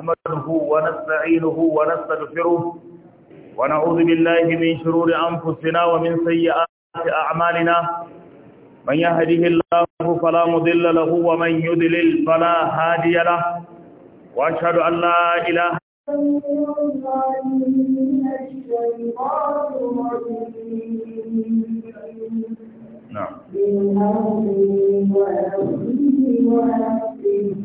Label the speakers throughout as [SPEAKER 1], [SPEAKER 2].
[SPEAKER 1] نحمده ونستعينه ونستغفره ونعوذ بالله من شرور أنفسنا ومن سيئات أعمالنا من يهده الله فلا مضل له ومن يضلل فلا هادي له وأشهد أن لا إله
[SPEAKER 2] نعم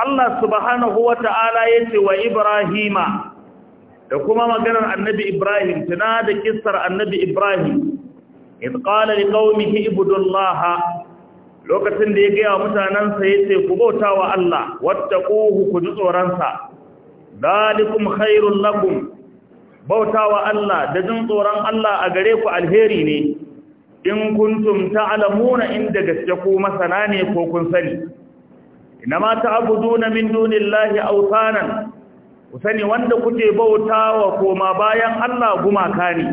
[SPEAKER 3] Allah
[SPEAKER 1] subhanahu wa ta'ala ya ce wa Ibrahima da kuma maganar annabi Ibrahim tana da annabi Ibrahim idh qala liqaumihi ibudullaha lokacin da ya gaya mutanansa ce ku bautawa Allah wattaquhu ku ji tsoronsa. sa khairun lagun bautawa Allah da jin tsoron Allah a gare ku alheri ne in kuntum alamuna inda gaske ku masana ne ko kun sani inama ta'buduna min dunillahi awthanan usani wanda kuke bautawa koma bayan Allah gumaka ne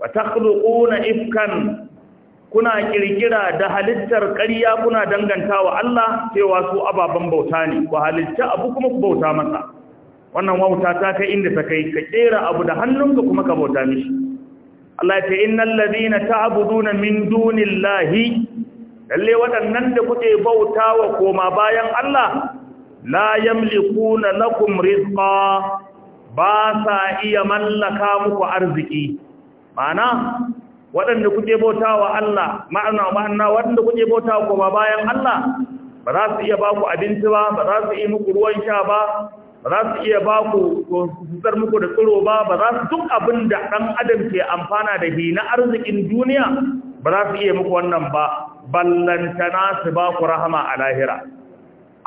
[SPEAKER 1] wa takhluquna ifkan kuna kirkira da halittar ƙarya kuna dangantawa Allah cewa su ababen bauta ne ku halitta abu kuma ku bauta masa wannan wauta ta kai inda ta kai ka kera abu da hannunka kuma ka bauta mishi Allah ya ce innal ladina ta'buduna min dunillahi lalle waɗannan da kuke bautawa koma bayan Allah la yamlikuna lakum rizqa ba sa iya mallaka muku arziki mana waɗanda kuke bautawa Allah ma'ana ma'ana waɗanda kuke bautawa koma bayan Allah ba za su iya baku abinci ba ba za su iya muku ruwan sha ba ba za su iya baku tsar muku da tsiro ba ba za su duk abin da ɗan adam ke amfana da hina arzikin duniya ba za su iya muku wannan ba ballantana su ba ku rahama a lahira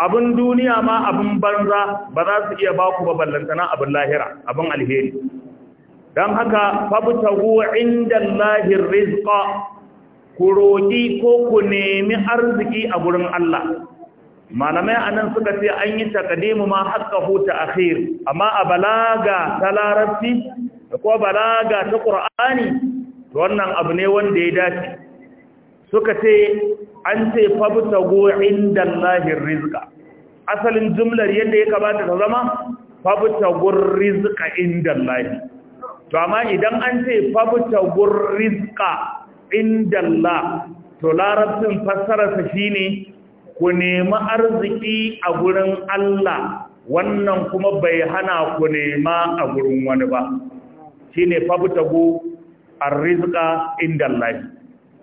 [SPEAKER 1] abin duniya ma abin banza ba za su iya ba ku ba ballantana abin lahira abin alheri don haka fabtahu inda lahir rizqa ku roƙi ko ku nemi arziki a gurin Allah malamai a nan suka ce an yi takadimu ma haka huta akhir amma a balaga ta larabci da balaga ta ƙur'ani wannan abu ne wanda ya dace suka ce an ce fabta go inda Allahin rizka asalin jumlar yadda ya kamata ta zama fabta gur rizka inda Allahi to amma idan an ce fabta gur rizka inda Allah to larabcin fassararsa shine ku nemi arziki a gurin Allah wannan kuma bai hana ku nema a gurin wani ba shine fabta go arrizqa inda Allah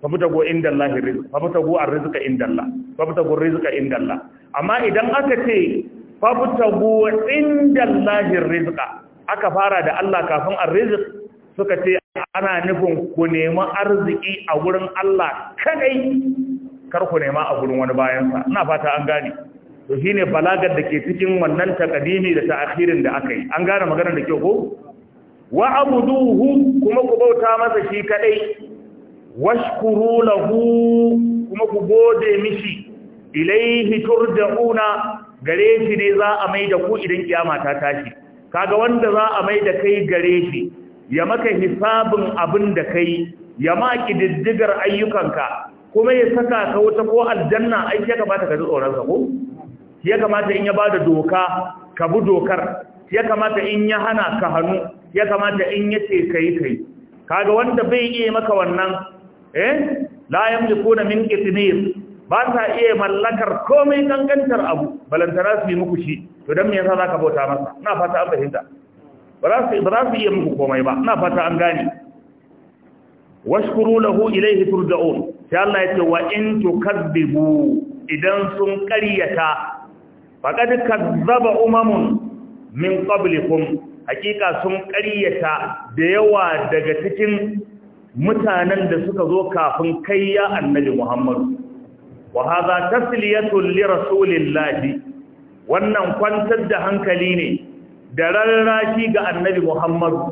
[SPEAKER 1] fabtago inda Allah rizq fabtago arrizqa inda Allah fabtago rizqa inda Allah amma idan aka ce fabtago inda Allah rizqa aka fara da Allah kafin arzik suka ce ana nufin ku nemi arziki a gurin Allah kadai kar ku nema a gurin wani bayan sa ina fata an gane to shine balagar da ke cikin wannan takadimi da ta'akhirin da aka yi an gane maganar da kyau ko wa abuduhu kuma ku bauta masa shi kadai washkuru lahu kuma ku gode mishi ilaihi turja'una gare shi ne za a maida ku idan kiyama ta tashi kaga wanda za a maida kai gare shi ya maka hisabin abin da kai ya ma kididdigar ayyukanka kuma ya saka ka wuta ko aljanna ai ya kamata ka ji tsoron sa ko ya kamata in ya bada doka ka bi dokar ya kamata in ya hana ka hannu ya kamata in ya ce kai kai kaga wanda bai iya maka wannan eh la yamlikuna min itnir ba ta iya mallakar komai gangantar abu balantara su yi muku shi to dan me yasa zaka bauta masa ina fata an fahimta ba za su ba za su iya muku komai ba ina fata an gane washkuru lahu ilayhi turja'un sai Allah ya ce wa in tukazzibu idan sun qaryata faqad kadzaba umamun min qablikum hakika sun qaryata da yawa daga cikin mutanen da suka zo kafin kai ya annabi Muhammadu wa hadha tasliyatun li rasulillahi wannan kwantar da hankali ne da rarraki ga annabi Muhammadu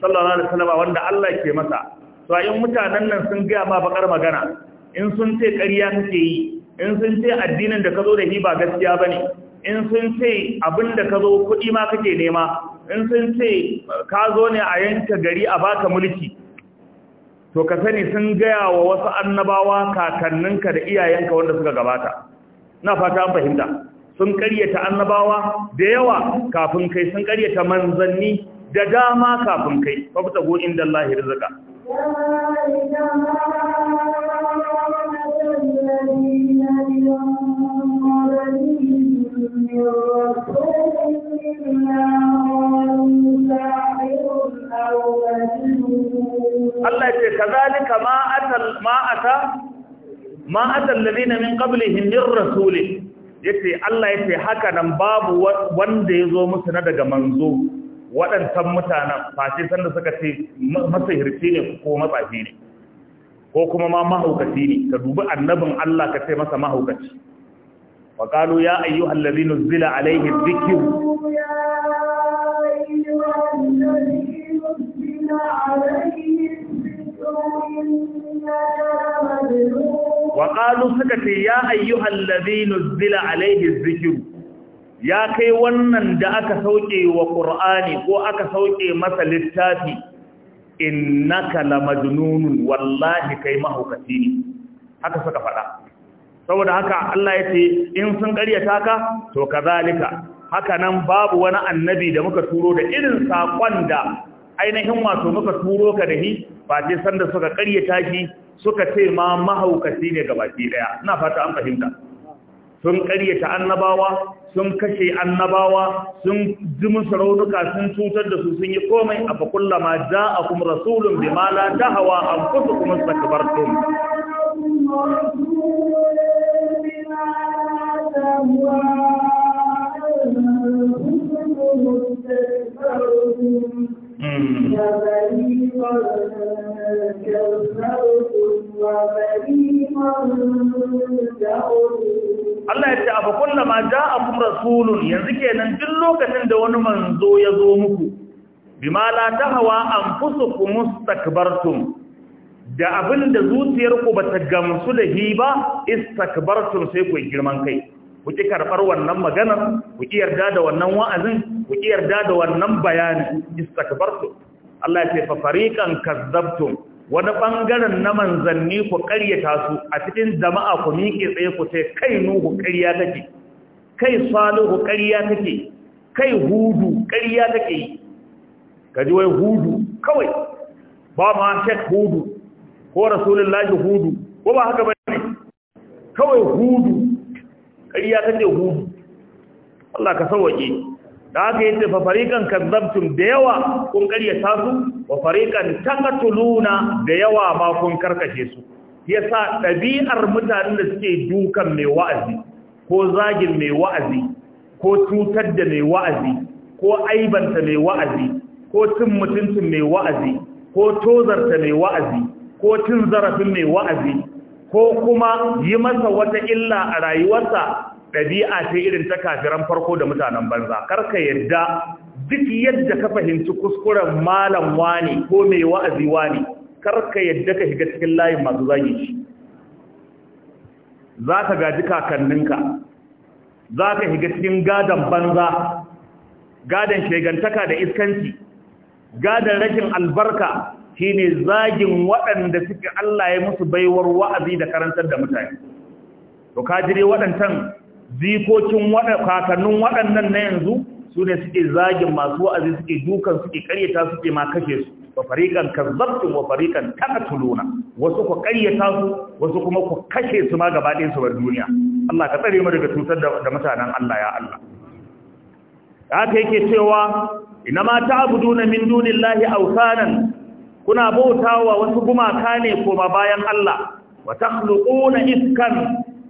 [SPEAKER 1] sallallahu alaihi wasallam wanda Allah ke masa to ayin mutanen nan sun ga ma bakar magana in sun ce ƙarya kake yi in sun ce addinin da ka zo da shi ba gaskiya bane in sun ce abin da ka zo kuɗi ma kake nema in sun ce ka zo ne a yanka gari a baka mulki to ka sani sun gaya wa wasu annabawa kakanninka da iyayenka wanda suka gabata na fata an fahimta sun karyata annabawa da yawa kafin kai sun karyata manzanni da dama kafin kai ku tago inda Allah ya
[SPEAKER 2] a من Allah ya ce kazalika ma atal
[SPEAKER 1] ma ata ma atal ladina min qablihim min rasul yace Allah yace haka nan babu wanda yazo musu na daga manzo waɗannan mutanen face sanda suka ce masahirci ne ko matsafi ne ko kuma ma mahaukaci ne ka dubi annabin Allah ka ce masa mahaukaci wa qalu ya ayyuhal ladina zila alaihi dhikr
[SPEAKER 2] ya ayyuhal zila
[SPEAKER 1] waƙalu suka ce ya ayyu ladhina zila alaihi Zikiru, ya kai wannan da aka sauke wa Ƙur'ani ko aka sauke masa littafi innaka lamajnunun wallahi kai mahaukaci ne haka suka faɗa saboda haka Allah ya ce in sun ƙaryata ka to kazalika haka nan babu wani annabi da muka turo da irin saƙon da ainihin wato muka turo ka da shi ba ce sanda suka karyata shi suka ce ma mahaukaci ne ga baki daya ina fata an fahimta sun karyata annabawa sun kashe annabawa sun ji musu raunuka sun cutar da su sun yi komai a fakulla ma a kum rasulun bi ta hawa an kusa kuma stakbartum
[SPEAKER 2] Thank you.
[SPEAKER 3] Allah
[SPEAKER 1] ya ce abu kulla ma kuma rasulun yanzu kenan duk lokacin da wani manzo ya zo muku ma la tahwa anfusukum mustakbartum da abinda zuciyarku ba ta gamsu da hi ba istakbartum sai ku girman kai ku ki karɓar wannan maganar ku ki yarda da wannan wa'azin ku ki yarda da wannan bayanin istakbartu Allah ya ce fa fariqan kazzabtum wani bangaren na manzanni ku ƙaryata su a cikin jama'a ku miƙe tsaye ku ce kai nuhu ƙarya take kai ku ƙarya take kai hudu ƙarya take Ka ji wai hudu kawai ba ma shek hudu ko rasulullahi hudu ko ba haka bane kawai hudu ƙarya kake hudu Allah ka sauwaƙe da haka yace fa fariqan kazzabtum da yawa kun ƙaryata su wa fariqan takatuluna da yawa ma kun karkace su yasa ɗabi'ar mutanen da suke dukan mai wa'azi ko zagin mai wa'azi ko cutar da mai wa'azi ko aibanta mai wa'azi ko cin mutuncin mai wa'azi ko tozarta mai wa'azi ko cin zarafin mai wa'azi ko kuma yi masa wata illa a rayuwarsa ɗabi'a ce irin ta kafiran farko da mutanen banza karka yadda duk yadda ka fahimci kuskuren malam wani ko mai wa'azi wani karka yadda ka shiga cikin layin masu zagi shi za ka gaji kakanninka za ka shiga cikin gadon banza gadon shegantaka da iskanci gadon rashin albarka shine zagin waɗanda suke Allah ya musu baiwar wa'azi da karantar da mutane to kajire waɗancan zikokin kakannin waɗannan na yanzu su ne suke zagin masu wa'azi suke dukan suke karyata suke ma kashe su wa fariƙan kazzabtun wa fariƙan takatuluna wasu ku karyata su wasu kuma ku kashe su ma gaba ɗaya su bar duniya Allah ka tsare mu daga cutar da mutanen Allah ya Allah haka yake cewa inama ta'buduna min dunillahi awsanan kuna bautawa wasu gumaka ne koma bayan Allah wa takhluquna iskan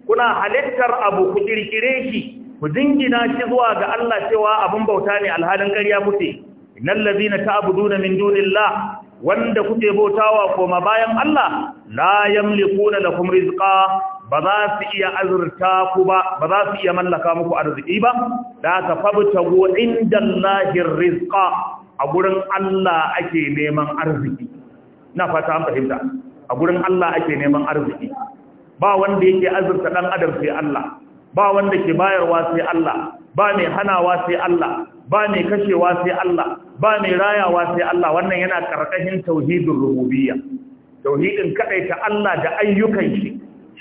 [SPEAKER 1] kuna halittar abu ku kirkire shi ku dingina shi zuwa ga Allah cewa abun bauta ne alhalin ƙarya kuke innal ladina ta'buduna min dunillah wanda kuke bautawa koma bayan Allah la yamlikuna lakum rizqa ba za su iya azurta ku ba ba za su iya mallaka muku arziki ba da ka go inda Allahir rizqa a gurin Allah ake neman arziki na fata an fahimta a gurin Allah ake neman arziki ba wanda yake azurta dan adam sai Allah ba wanda ke bayarwa sai Allah ba mai hanawa sai Allah ba mai kashewa sai Allah ba mai rayawa sai Allah wannan yana karkashin tauhidin rububiyya tauhidin kadaita Allah da ayyukan shi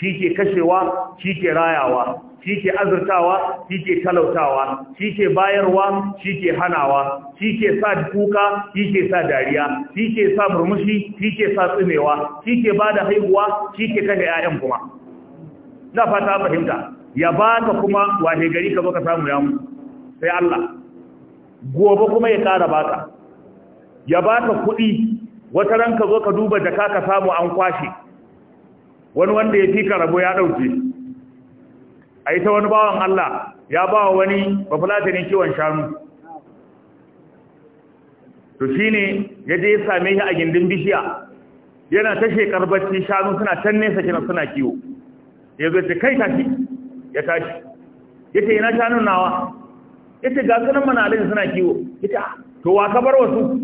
[SPEAKER 1] shi ke kashewa shi ke rayawa shi ke azurtawa shi ke talautawa shi ke bayarwa shi ke hanawa shi ke sa kuka shi ke sa dariya shi ke sa murmushi shi ke sa tsumewa, shi ke ba da haihuwa shi ke kashe 'ya'yan kuma na fata fahimta ya ba ka kuma wahe gari ka baka samu ya sai Allah gobe kuma ya kara baka ya baka kuɗi wata ranka zo ka duba da ka samu an kwashe wani wanda ya fika rabo ya dauke a ita wani bawan Allah ya ba wani bafulatani kiwon shanu to shine ya je ya same shi a gindin bishiya yana ta shekar bacci shanu suna can nesa kina suna kiwo ya zo ta kai tashi ya tashi ya ce yana shanun nawa ya ce ga sunan mana alin suna kiwo ya ce ah, to wa ka bar wasu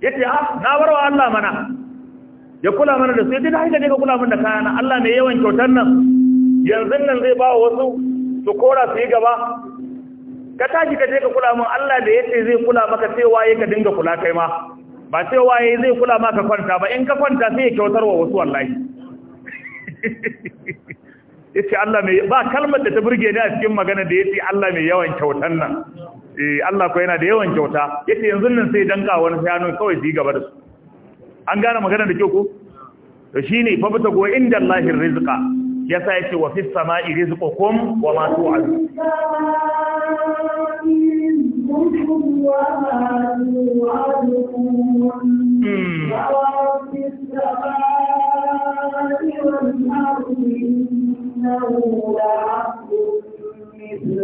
[SPEAKER 1] ya ce ah na bar wa Allah mana ya kula mana da sai dai haka ne ka kula mana da kayana Allah mai yawan kyautar nan yanzu nan zai ba wasu su kora su yi gaba ka tashi ka je ka kula mun Allah da yace zai kula maka sai waye ka dinga kula kai ma ba sai waye zai kula maka kwanta ba in ka kwanta sai ya kyautar wa wasu wallahi yace Allah mai ba kalmar da ta burge ni a cikin magana da yace Allah mai yawan kyautar nan eh Allah ko yana da yawan kyauta yace yanzu nan sai danka wani sai hannu kawai su yi gaba da su an gane magana da kyau ko to shine fa bata go inda rizika. Ya sa yake wa fis sama'i rizqukum wa masu tu'adun
[SPEAKER 2] Thank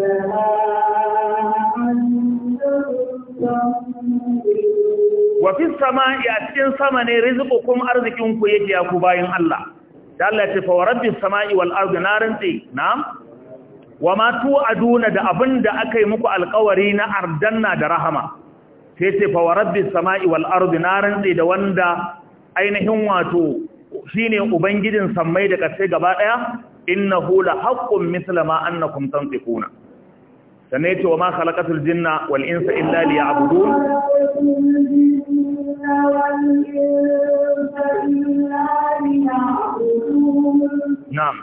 [SPEAKER 2] hmm. you.
[SPEAKER 1] wa fi sama'i a cikin sama ne kuma arzikinku yake ya ku bayin Allah da Allah ce fa rabbis sama'i wal ardi naranti na'am wa tu'aduna da abinda akai muku alƙawari na ardanna da rahama sai ce fa rabbis sama'i wal ardi naranti da wanda ainihin wato shine ubangijin sammai da kasai gaba daya innahu la haqqun mithla ma annakum tanfiquna sannan yace wa ma khalaqatul jinna wal insa illa liya'budun
[SPEAKER 2] نعم نعم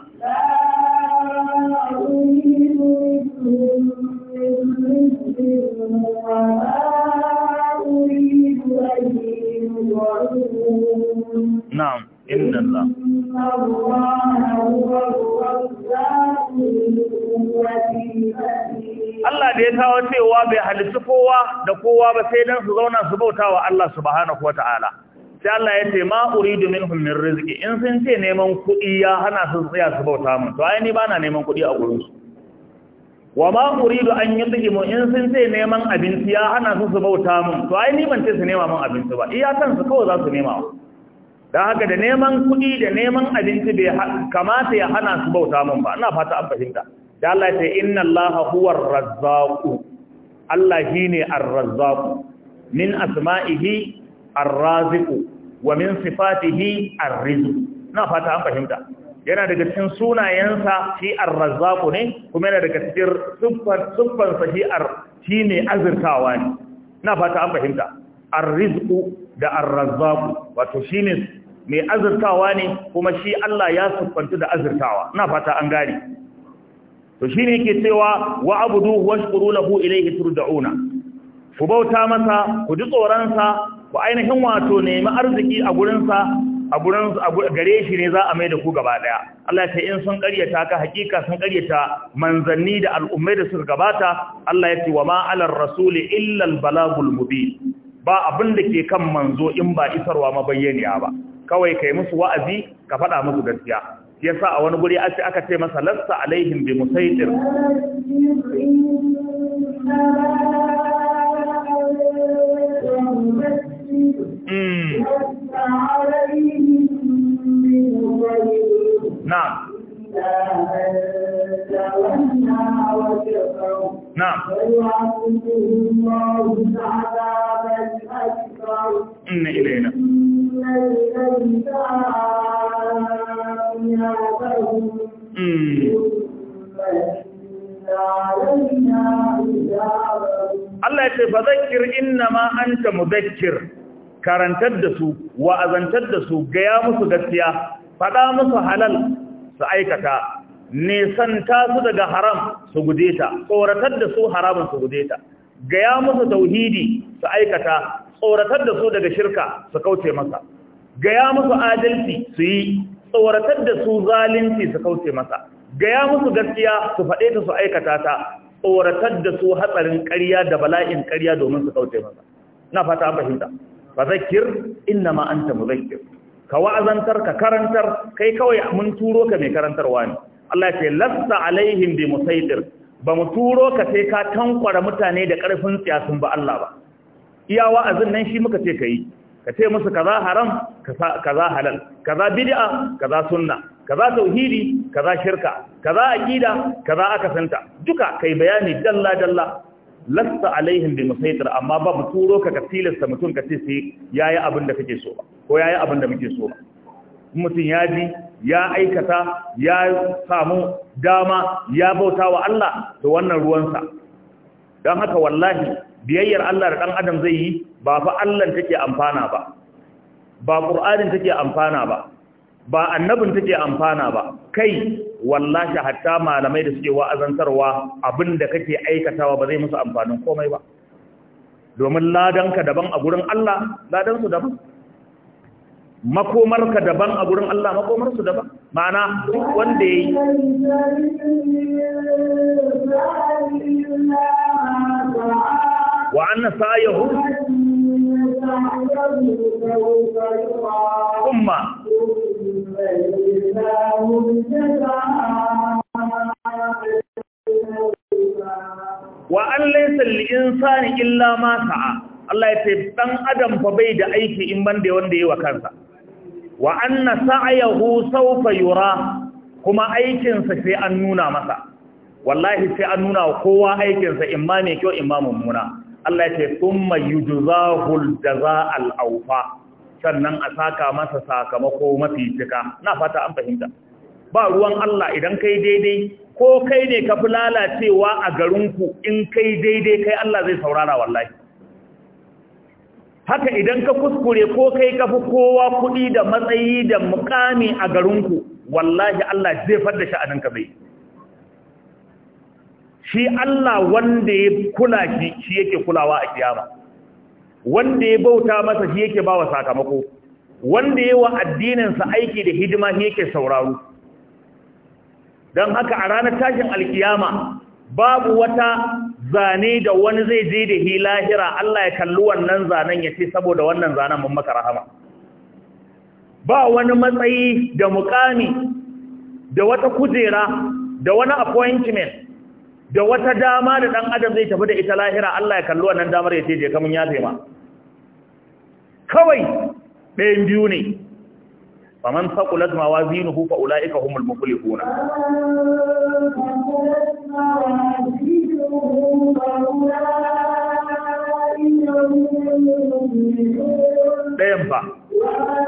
[SPEAKER 3] إن الله
[SPEAKER 1] Allah da ya kawo cewa bai halittu kowa da kowa ba sai dan su zauna su bauta wa Allah subhanahu ta'ala. sai Allah ya ce ma uridu minhum min rizqi in sun ce neman kuɗi ya hana su tsaya su bauta mun to ai ni bana neman kuɗi a gurin su wa ma uridu an yudhimu in sun ce neman abinci ya hana su su bauta mun to ai ni ban ce su nema mun abinci ba iya su kawai za su nema wa da haka da neman kuɗi da neman abinci bai kamata ya hana su bauta mun ba ina fata an fahimta da Allah ta inna Allah huwar razzaqu Allah shine ar-razzaqu min asma'ihi ar-raziqu wa min sifatihi ar-rizqu na fata an fahimta yana daga cikin sunayensa shi ar ne kuma yana daga cikin siffar siffar sa shi ar shine azurtawa ne na fata an fahimta ar da ar-razzaqu wato shine mai azirtawa ne kuma shi Allah ya siffanta da azirtawa. na fata an gane to shine yake cewa wa abudu washkuru lahu ilayhi turja'una ku bauta masa ku ji tsoron sa ku ainihin wato nemi arziki a gurin sa a gurin gare shi ne za a mai da ku gaba daya Allah ya ce in sun karyata ka hakika sun karyata manzanni da al'ummai da suka gabata Allah ya ce wa ma ala rasuli illa al balagul mubin ba abin da ke kan manzo in ba isarwa mabayyaniya ba kawai kai musu wa'azi ka faɗa musu gaskiya yasa a wani guri aka aka ce masa lasta alaihim bi musaitir
[SPEAKER 2] نعم نعم
[SPEAKER 3] إن إلينا
[SPEAKER 2] Allah
[SPEAKER 1] ya ce fa zakir inna ma anta mudakkir karantar da su wa'azantar da su gaya musu gaskiya faɗa musu halal su aikata nisanta su daga haram su guje ta tsoratar da su haramun su guje ta gaya musu tauhidi su aikata tsoratar da su daga shirka su kauce masa gaya musu adalci su yi tsoratar da su zalunci su kauce masa gaya musu gaskiya su faɗe ta su aikata ta tsoratar da su hatsarin ƙarya da bala'in ƙarya domin su kauce masa na fata an fahimta fa zakir inna ma anta muzakkir ka wa'azantar ka karantar kai kawai mun turo ka mai karantarwa ne Allah ya ce lasta alaihim bi musaitir ba mu turo ka sai ka tankwara mutane da ƙarfin tsiyasun ba Allah ba iya wa'azin nan shi muka ce ka yi ka ce musu kaza haram kaza halal kaza bid'a kaza sunna kaza tauhidi kaza shirka kaza aqida kaza akasanta duka kai bayani dalla dalla lasta alaihim bi musaitir amma ba mu turo ka ka tilasta mutum ka ce sai yayi abin da kake so ba ko yayi abin da muke so ba mutum ya ji ya aikata ya samu dama ya bauta wa Allah to wannan ruwansa don haka wallahi biyayyar Allah da ɗan adam zai yi ba fa Allah take amfana ba ba ƙur'anin take amfana ba ba annabin take amfana ba kai wallahi hatta malamai da suke wa'azantarwa abinda kake aikatawa ba zai musu amfanin komai ba domin ladanka daban a gurin Allah su daban makomarka daban a gurin Allah makomarsu daban ma'ana duk wanda ya yi wa anna sa'yahu umma wa an laysa insani illa ma sa'a Allah ya ce dan adam fa bai da aiki in bande wanda yayi wa kansa wa anna sa'yahu sawfa yura kuma aikinsa sai an nuna masa wallahi sai an nuna wa kowa aikinsa imma mai kyau in imma mummuna Allah ya ce thumma yujzahul jazaa'al awfa sannan a saka masa sakamako mafi cika na fata an fahimta ba ruwan Allah idan kai daidai ko kai ne ka fi lalacewa a garinku in kai daidai kai Allah zai saurara wallahi haka idan ka kuskure ko kai ka fi kowa kuɗi da matsayi da mukami a garinku wallahi Allah zai fadda sha'aninka bai shi Allah wanda ya kula shi shi yake kulawa a kiyama wanda ya bauta masa shi yake bawa sakamako wanda ya wa sa aiki da hidima shi yake sauraro dan haka a ranar tashin alkiyama babu wata zane da wani zai je da hi lahira Allah ya kalli wannan zanen ya ce saboda wannan zanen mun maka rahama ba wani matsayi da mukami da wata kujera da wani appointment da wata dama da ɗan adam zai tafi da ita lahira Allah ya kalli wannan damar ya teje kamun ya ma. kawai ɗayan biyu ne man faƙulat mawazinuhu fa ula'ika humul muflihuna ɗayan ba
[SPEAKER 2] Allah ya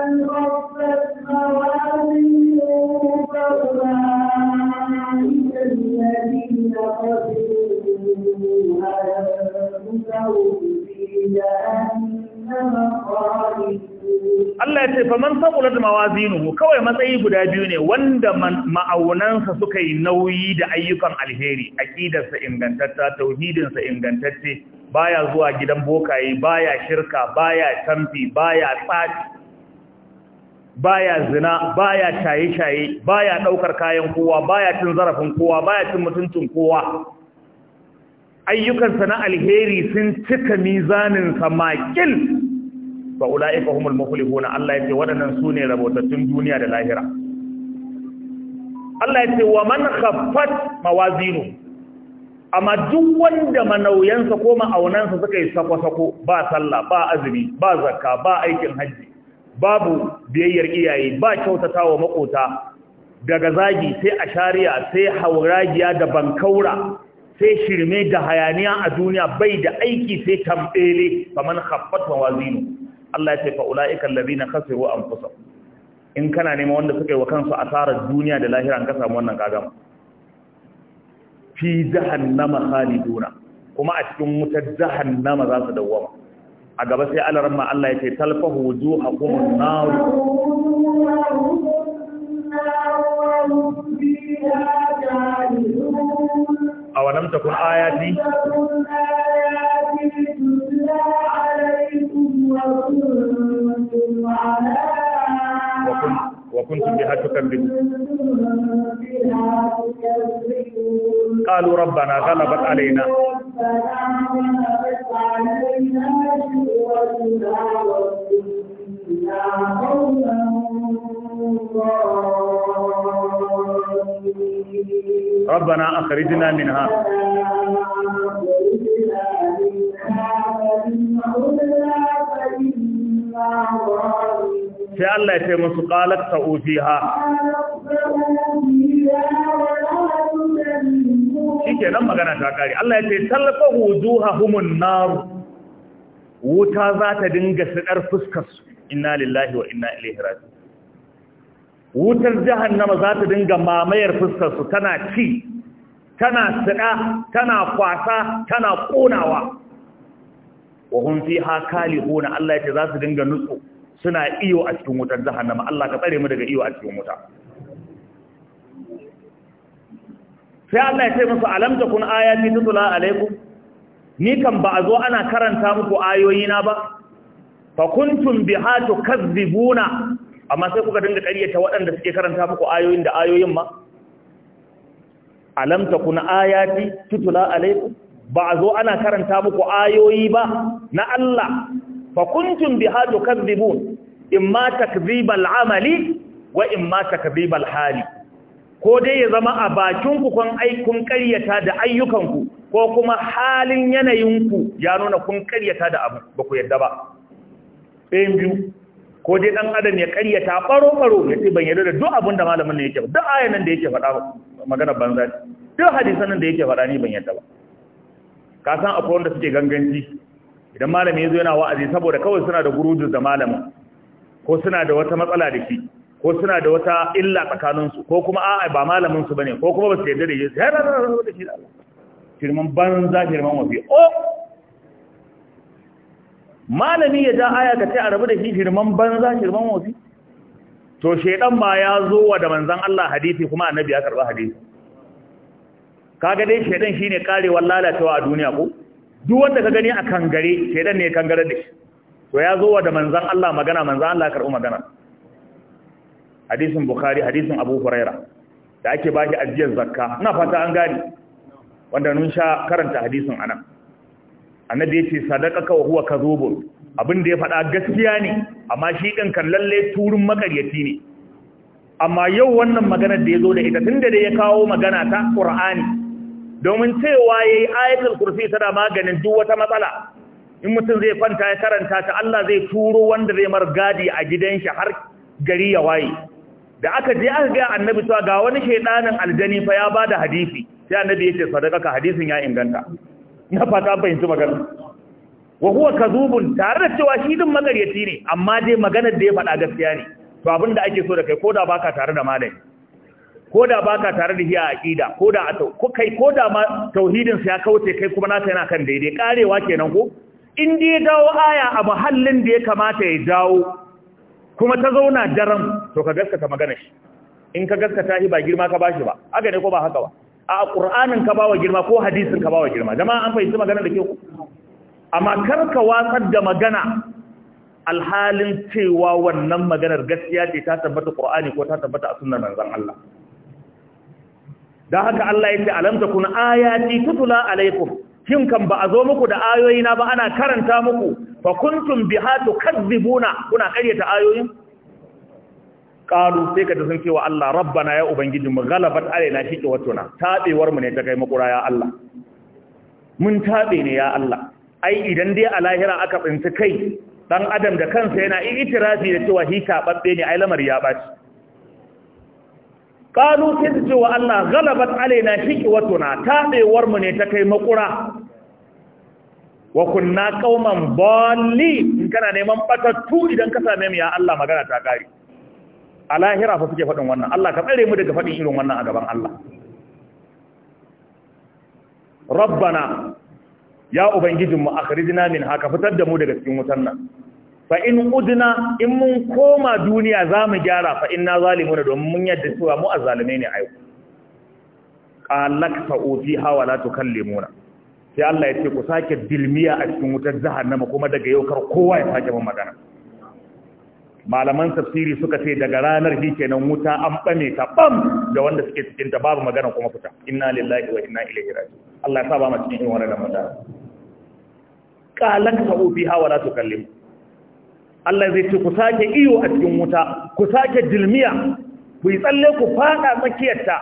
[SPEAKER 2] ce fa man
[SPEAKER 1] mawazinuhu kawai matsayi guda biyu ne wanda ma'aunansa suka yi nauyi da ayyukan alheri aƙidarsa ingantatta tauhidinsa ingantacce baya zuwa gidan bokaye baya shirka baya tamfi baya tsafi baya zina baya shaye-shaye baya daukar kayan kowa baya cin zarafin kowa baya cin mutuncin kowa ayyukansa na alheri sun cika mizanin sa makil fa ulaika humul muflihuna Allah yace waɗannan sune rabotattun duniya da lahira Allah yace wa man khaffat mawazinu amma duk wanda manauyansa ko ma'aunansa suka yi sako-sako ba sallah ba azumi ba zakka ba aikin hajji babu biyayyar iyaye ba kyautata wa makota daga zagi sai a shari'a sai hauragiya da bankaura sai shirme da hayaniya a duniya bai da aiki sai tambele man khaffat mawazinu Allah ya ce fa ulaika allazina khasiru anfusahum in kana neman wanda suka yi wa kansu asarar duniya da lahira an ka samu wannan kagama fi jahannama khaliduna kuma a cikin wutar jahannama za su dawwama a gaba sai alaran ma Allah ya ce talfahu wujuhakum nar kun takun ayati
[SPEAKER 2] وكنتم بها تكذبون قالوا ربنا غلبت علينا ربنا أخرجنا منها sai
[SPEAKER 1] Allah ya ce musu qalat shi ke nan magana ta kare Allah ya ce talqa wujuhahumun nar wuta za ta dinga siɗar fuskar su inna lillahi wa inna ilaihi raji'un wutar jahannama za ta dinga mamayar fuskar su tana ci tana siɗa, tana kwasa tana konawa wa hum fiha kalihuna Allah ya ce za su dinga nutsu suna iyo a cikin wutar jahannama Allah ka tsare mu daga iyo a cikin wuta sai Allah ya ce musu alam takun ayati tutla alaikum ni kan ba a zo ana karanta muku na ba Fa kuntum biha tukazzibuna amma sai kuka dinga ƙaryata waɗanda suke karanta muku ayoyin da ayoyin ma alam takun ayati tutla alaikum ba a zo ana karanta muku ayoyi ba na Allah fa kuntum biha tukadzibun imma takdhibal amali wa imma takdhibal hali ko dai ya zama a bakin ku kun ai kun ƙaryata da ayyukanku ko kuma halin yanayin ku ya nuna kun ƙaryata da abu ba ku yadda ba ɗayan biyu ko dai ɗan adam ya ƙaryata baro-baro, ya ce ban yarda da duk abin da malamin ne yake ba duk ayan nan da yake faɗa maganar banza duk hadisan nan da yake faɗa ni ban yadda ba ka san akwai wanda suke ganganci idan malami ya zo yana wa'azi saboda kawai suna da gurudus da malamin ko suna da wata matsala da shi ko suna da wata illa tsakaninsu ko kuma a'a ba malamin su bane ko kuma ba su yarda da shi sai rana da shi da Allah firman banza firman wafi o malami ya ja aya ka ce a rabu da shi firman banza firman wafi to shedan ma ya zo wa da manzan Allah hadisi kuma annabi ya karba hadisi kaga dai shedan shine karewar lalacewa a duniya ko duk wanda ka gani a kangare shedan ne kangare da shi to ya zo wa da manzan Allah magana manzan Allah karɓi magana hadisin bukhari hadisin abu huraira da ake ba shi ajiyar zakka ina fata an gani wanda nun sha karanta hadisin anan annabi ya ce sadaqaka wa huwa kadhubun abin da ya faɗa gaskiya ne amma shi din kan lalle turun makaryaci ne amma yau wannan magana da ya zo da ita tunda da ya kawo magana ta qur'ani domin cewa ya yi ayatul kursi tana maganin duk wata matsala in mutum zai kwanta ya karanta ta Allah zai turo wanda zai mar gadi a gidan shi har gari ya waye da aka je aka ga annabi cewa ga wani shedanin aljani fa ya bada hadisi sai annabi ya ce sadaka ka hadisin ya inganta na fata fahimci magana wa huwa kadhubun tare da cewa shi din magaryaci ne amma dai maganar da ya faɗa gaskiya ne to abinda ake so da kai koda baka tare da malami Koda baka tare da hiya a aqida koda a a kai koda ma tauhidin sa ya kauce kai kuma naka yana kan daidai karewa kenan ko in dai dawo aya a mahallin da ya kamata ya dawo kuma ta zauna daram to ka gaskata magana shi in ka gaskata shi ba girma ka bashi ba haka ne ko ba haka ba a qur'anin ka bawa girma ko hadisin ka bawa girma jama'a an fahimci magana da ke ku amma kar ka watsar da magana alhalin cewa wannan maganar gaskiya ce ta tabbata qur'ani ko ta tabbata a sunnar manzon Allah don haka Allah ya ce alam takun ayati tutula alaikum shin kan ba a zo muku da ayoyi na ba ana karanta muku fa kuntum biha tukazzibuna kuna karyata ayoyin qalu sai ka sun cewa Allah rabbana ya ubangiji mu galabat alaina wato watuna tabewar mu ne ta kai makura ya Allah mun tabe ne ya Allah ai idan dai a lahira aka tsinci kai dan adam da kansa yana itirafi da cewa hi tababbe ne ai lamar ya baci ƙalu sai su ce wa Allah galabar alaina shiki wato na mu ne ta kai makura wa kunna qauman balli in kana neman ɓatattu idan ka same mu ya Allah magana ta kare a lahira fa suke faɗin wannan Allah ka tsare mu daga faɗin irin wannan a gaban Allah rabbana ya ubangijinmu akhrijna min haka fitar da mu daga cikin wutan nan fa in udna in mun koma duniya za mu gyara fa inna na domin mun yadda cewa mu azzalume ne ayo Ƙalaka fa'uti hawa la tukallimuna sai Allah ya ce ku sake dilmiya a cikin wutar jahannama kuma daga yau kar kowa ya sake mun magana malaman tafsiri suka ce daga ranar shi kenan wuta an bane ta bam da wanda suke cikin ta babu magana kuma fita inna lillahi wa inna ilaihi raji Allah ya saba mu cikin wannan magana Ƙalaka fa'uti hawa la tukallimuna Allah zai ce ku sake iyo a cikin wuta ku sake dilmiya ku yi tsalle ku fada tsakiyarta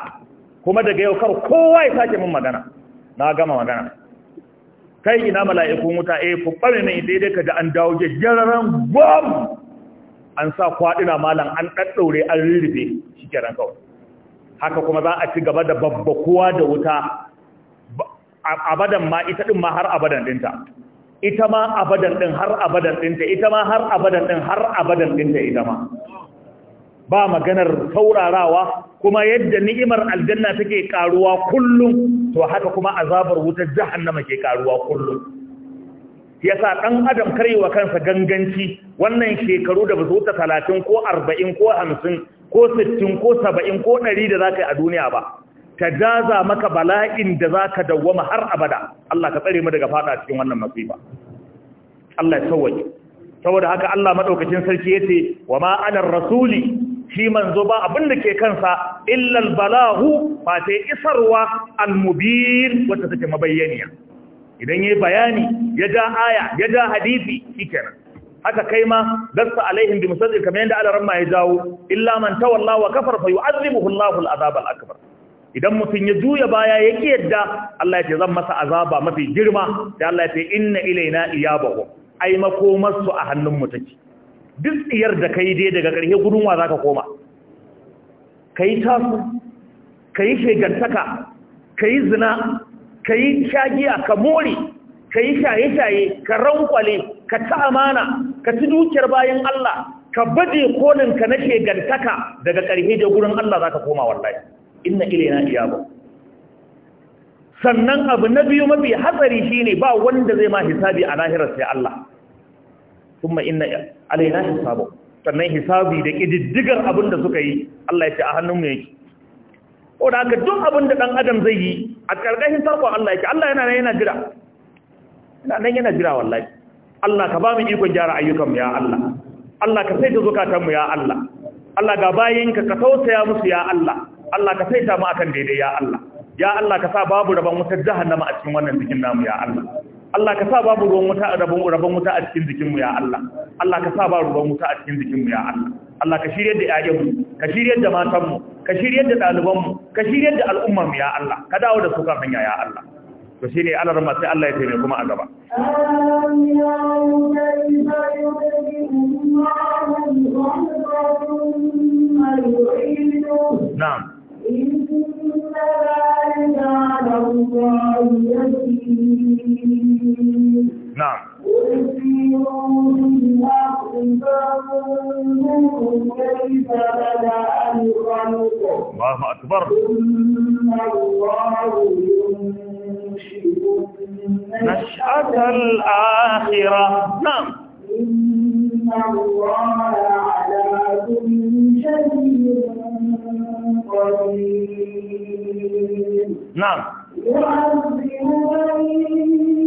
[SPEAKER 1] kuma daga yau kar kowa ya sake min magana na gama magana kai ina mala'ikun wuta eh ku bare ne daidai ka da an dawo jajjararan gwam an sa kwadina malam an daddaure an rirbe shi kenan kawai haka kuma za a ci gaba da babba kowa da wuta abadan ma ita din ma har abadan dinta ita ma abadan din har abadan ɗin ita ma har abadan din har abadan dinta ita ma ba maganar saurarawa kuma yadda ni'imar aljanna take karuwa kullum to haka kuma azabar wutar jahannama ke karuwa kullum yasa dan adam wa kansa ganganci wannan shekaru da bazu ta 30 ko 40 ko 50 ko 60 ko 70 ko 100 da zakai a duniya ba ta jaza maka bala'in da za ka dawwama har abada Allah ka tsare mu daga fada cikin wannan masifa Allah ya sauwaye saboda haka Allah madaukakin sarki yace wa ma rasuli shi manzo ba abin da ke kansa illal balahu ba isarwa al-mubin wacce take mabayyaniya idan yayi bayani ya ja aya ya ja hadisi shikenan haka kai ma dasta alaihim bi musaddil kamar yanda Allah ramma ya jawo illa man tawalla wa kafar fa yu'adhibuhu Allahu al al-akbar idan mutum ya juya baya ya yadda Allah ya ce zan masa azaba mafi girma da Allah ya ce inna ilaina iyabahu ai makomar su a hannun mu take duk tsiyar da kai dai daga ƙarshe gudun wa zaka koma kai tasu kai shegantaka kai zina kai shagiya ka more kai shaye-shaye ka rankwale ka ta amana ka ci dukiyar bayan Allah ka baje kolin ka na shegantaka daga ƙarshe da gurin Allah zaka koma wallahi inna ilaina iyabu sannan abu na biyu mafi hatsari shine ba wanda zai ma hisabi a lahirar sai Allah kuma inna alaina hisabu sannan hisabi da kididdigar abin da suka yi Allah ya ce a hannun mu yake ko da haka duk abin da dan adam zai yi a karkashin tarkon Allah yake Allah yana yana jira Ina nan yana jira wallahi Allah ka ba mu ikon gyara ayyukan mu ya Allah Allah ka sai da zukatan mu ya Allah Allah ga bayinka ka tausaya musu ya Allah Allah ka saita mu akan daidai ya Allah ya Allah ka sa babu rabon wuta jahannama a cikin wannan jikin namu ya Allah Allah ka sa babu ruwan wuta a rabon rabon wuta a cikin jikinmu ya Allah Allah ka sa babu ruwan wuta a cikin jikinmu ya Allah Allah ka shiryar da ƴaƴanmu ka shiryar da matanmu ka shiryar da ɗalibanmu ka shiryar da al'ummarmu ya Allah ka dawo da su kan hanya ya Allah to shine ne alar sai Allah ya taimai kuma a gaba.
[SPEAKER 2] Na'am. Allahu akbar Allahu yunshi nash'at al-akhirah nam Allahu قدير نعم يعذب من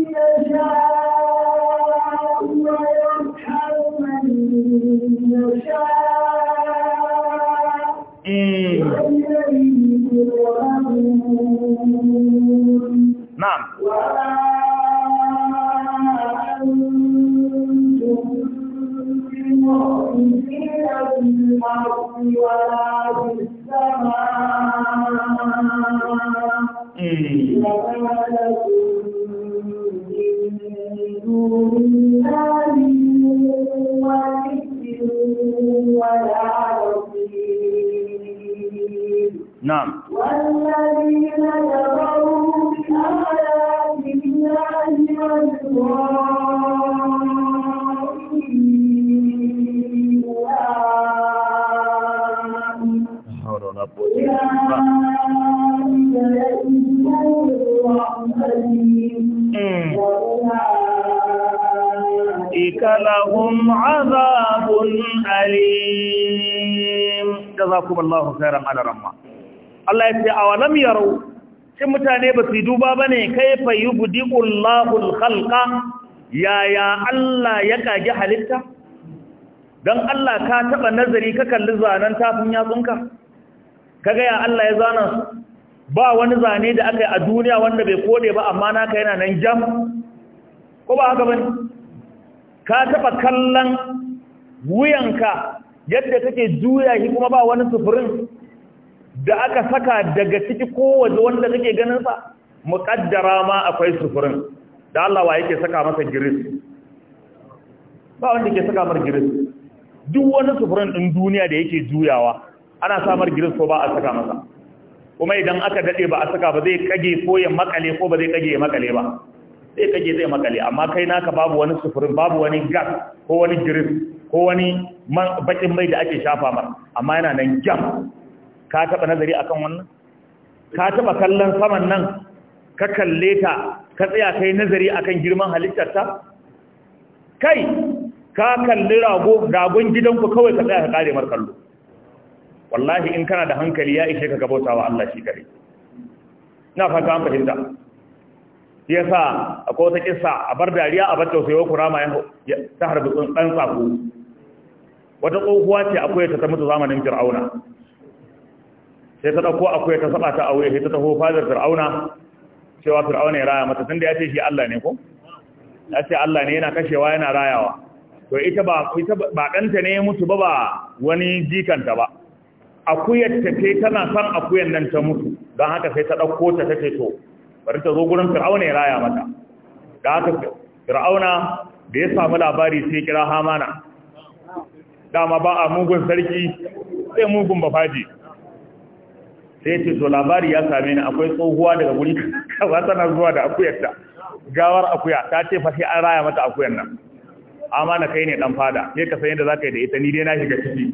[SPEAKER 2] يشاء
[SPEAKER 1] Allah ya ce a walam yaro shi mutane ba su duba ba ne kai fa yi budiƙullahul halka yaya Allah ya kage halitta don Allah ka taɓa nazari ka kalli zanen tafin yatsunka ka gaya Allah ya zana ba wani zane da aka yi a duniya wanda bai kode ba amma naka yana nan jam ko ba haka bane ka taɓa kallon wuyanka yadda kake juya shi kuma ba wani sufurin da aka saka daga ciki kowace wanda kake ganin sa muqaddara ma akwai sufurin da Allah wa yake saka masa giris ba wanda yake saka mar giris duk wani sufurin din duniya da yake juyawa ana samar giris ko ba a saka masa kuma idan aka dade ba a saka ba zai kage ko ya makale ko ba zai kage ya makale ba zai kage zai makale amma kai naka babu wani sufurin babu wani gas ko wani giris ko wani bakin mai da ake shafa mar amma yana nan jam ka taba nazari akan wannan ka taɓa kallon saman nan ka kalle ta ka tsaya kai nazari akan girman ta kai ka kalli rago ragon gidanku kawai ka tsaya ka kare mar kallo wallahi in kana da hankali ya ishe ka bauta wa Allah shi kare na fata an fahimta shi yasa akwai wata kissa a bar dariya a sai tausayewa kurama ya ta harbi dan tsako wata tsohuwa ce akwai ta ta mutu zamanin fir'auna sai ta ɗauko akwai ta saba ta aure sai ta taho fadar fir'auna cewa fir'auna ya raya mata tunda ya ce shi Allah ne ko ya ce Allah ne yana kashewa yana rayawa to ita ba ita ba danta ne mutu ba ba wani jikanta ba akuyar ta ce tana san akuyar nan ta mutu don haka sai ta ɗauko ta ta ce to bari ta zo gurin fir'auna ya raya mata da haka fir'auna da ya samu labari sai kira hamana dama ba a mugun sarki sai mugun bafaji sai ce to labari ya same ni akwai tsohuwa daga guri kaza tana zuwa da akuyar ta gawar akuya ta ce fa sai an raya mata akuyar nan amma na kai ne dan fada sai ka san yadda zaka yi da ita ni dai na shiga ciki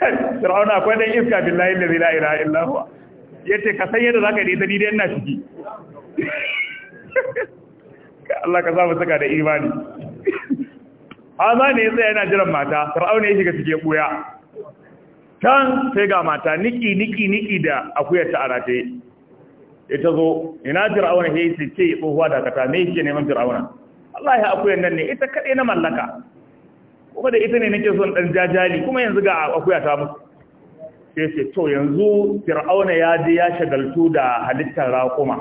[SPEAKER 1] Fir'auna akwai dan iska billahi la ilaha illa huwa yace ka san yadda zaka yi da ita ni dai ina Ka Allah ka samu saka da imani amma ne sai yana jiran mata Fir'auna ya shiga cike buya can sai ga mata niki niki niki da akuyar ta arate ita zo ina fir'auna he ce tsohuwa da kata mai ke neman fir'auna Allah ya akuyar nan ne ita kaɗai na mallaka kuma da ita ne nake son ɗan jajali kuma yanzu ga akuya ta musu sai ce to yanzu fir'auna ya je ya shagaltu da halittar raƙuma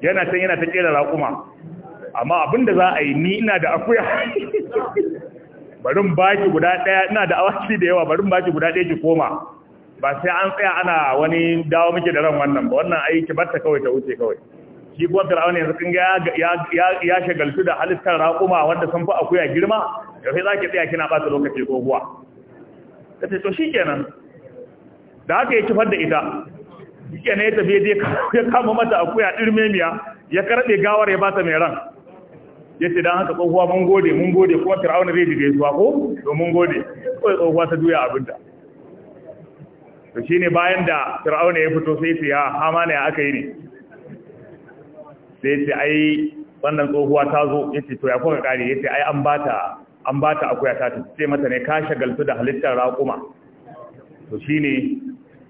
[SPEAKER 1] yana can yana ta kera raƙuma amma abinda za a yi ni ina da akuya barin baki guda ɗaya ina da awaki da yawa barin baki guda daya ki koma ba sai an tsaya ana wani dawo muke da ran wannan ba wannan aiki barta kawai ta wuce kawai shi kuma fir'auna yanzu kin ga ya shagaltu da halittar raquma wanda san fa akuya girma da sai zaki tsaya kina ɓata lokaci ko kuwa ta to shikenan da haka ya kifar da ita shikenan ya tafi ya kama mata akuya irmemiya ya karɓe gawar ya bata mai ran ce dan haka tsohuwa mun gode mun gode kuma fir'auna zai jige su ko domin mun gode ko tsohuwa ta juya abinta to ne bayan da fir'auna ya fito sai ce ya hama ne aka yi ne sai ce ai wannan tsohuwa ta zo ce to ya kuka kare ce ai an bata an bata akuya ta ce mata ne ka shagaltu da halittar raƙuma to ne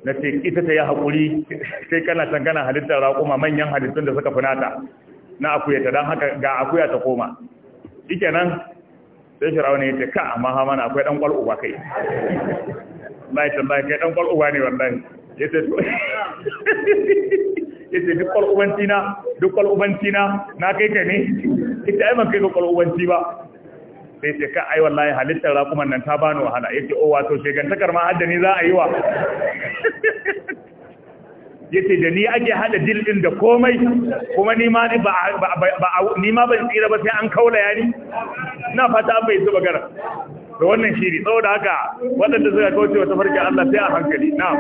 [SPEAKER 1] na ce ita ta yi haƙuri sai kana tangana halittar raƙuma manyan halittun da suka fi nata na akuyata don haka ga akuya ta koma shike nan sai shirawa ne ta ka amma hama na akwai ɗan ƙwal uba kai bai tambaya kai ɗan ƙwal uba ne wannan ya ce duk ƙwal ubanci na duk ƙwal ubanci na na kai kai ne ita ai man kai ka ƙwal ubanci ba sai ce ka ai wallahi halittar rakuman nan ta bani wahala yace o oh, wato shegantakar ma addani za a yi wa yace da ni ake hada dil da komai kuma ni ma ba tsira ba sai an kaula ni na fata an bai zuba gara da wannan shiri da haka waɗanda suka kauce wa tafarkin Allah sai a hankali na.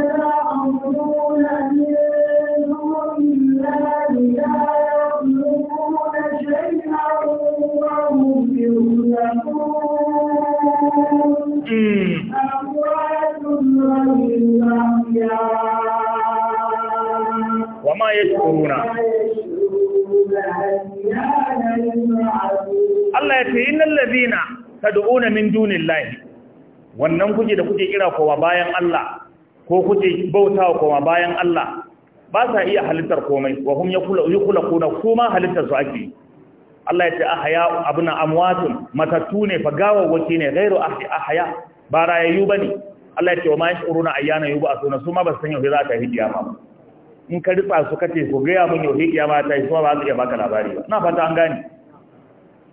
[SPEAKER 2] Mm. وما يشكرون Allah ya ce innal ladina
[SPEAKER 1] tad'una min dunillahi wannan kuje da kuje kira kowa bayan Allah ko kuje bautawa kowa bayan Allah ba sa iya halittar komai wa hum kuna kuma halittar su ake Allah ya ce ahya abuna amwatun matattu ne fa gawawwaki ne ghairu ahya ba rayayyu bane Allah ya ce wa ma yashuruna ayyana yub'athuna su ma ba san yau za ta hidiya ba in ka rufa su kace ku gaya mun yau hikiya ma ta yi kuma ba su iya baka labari ba na fata an gane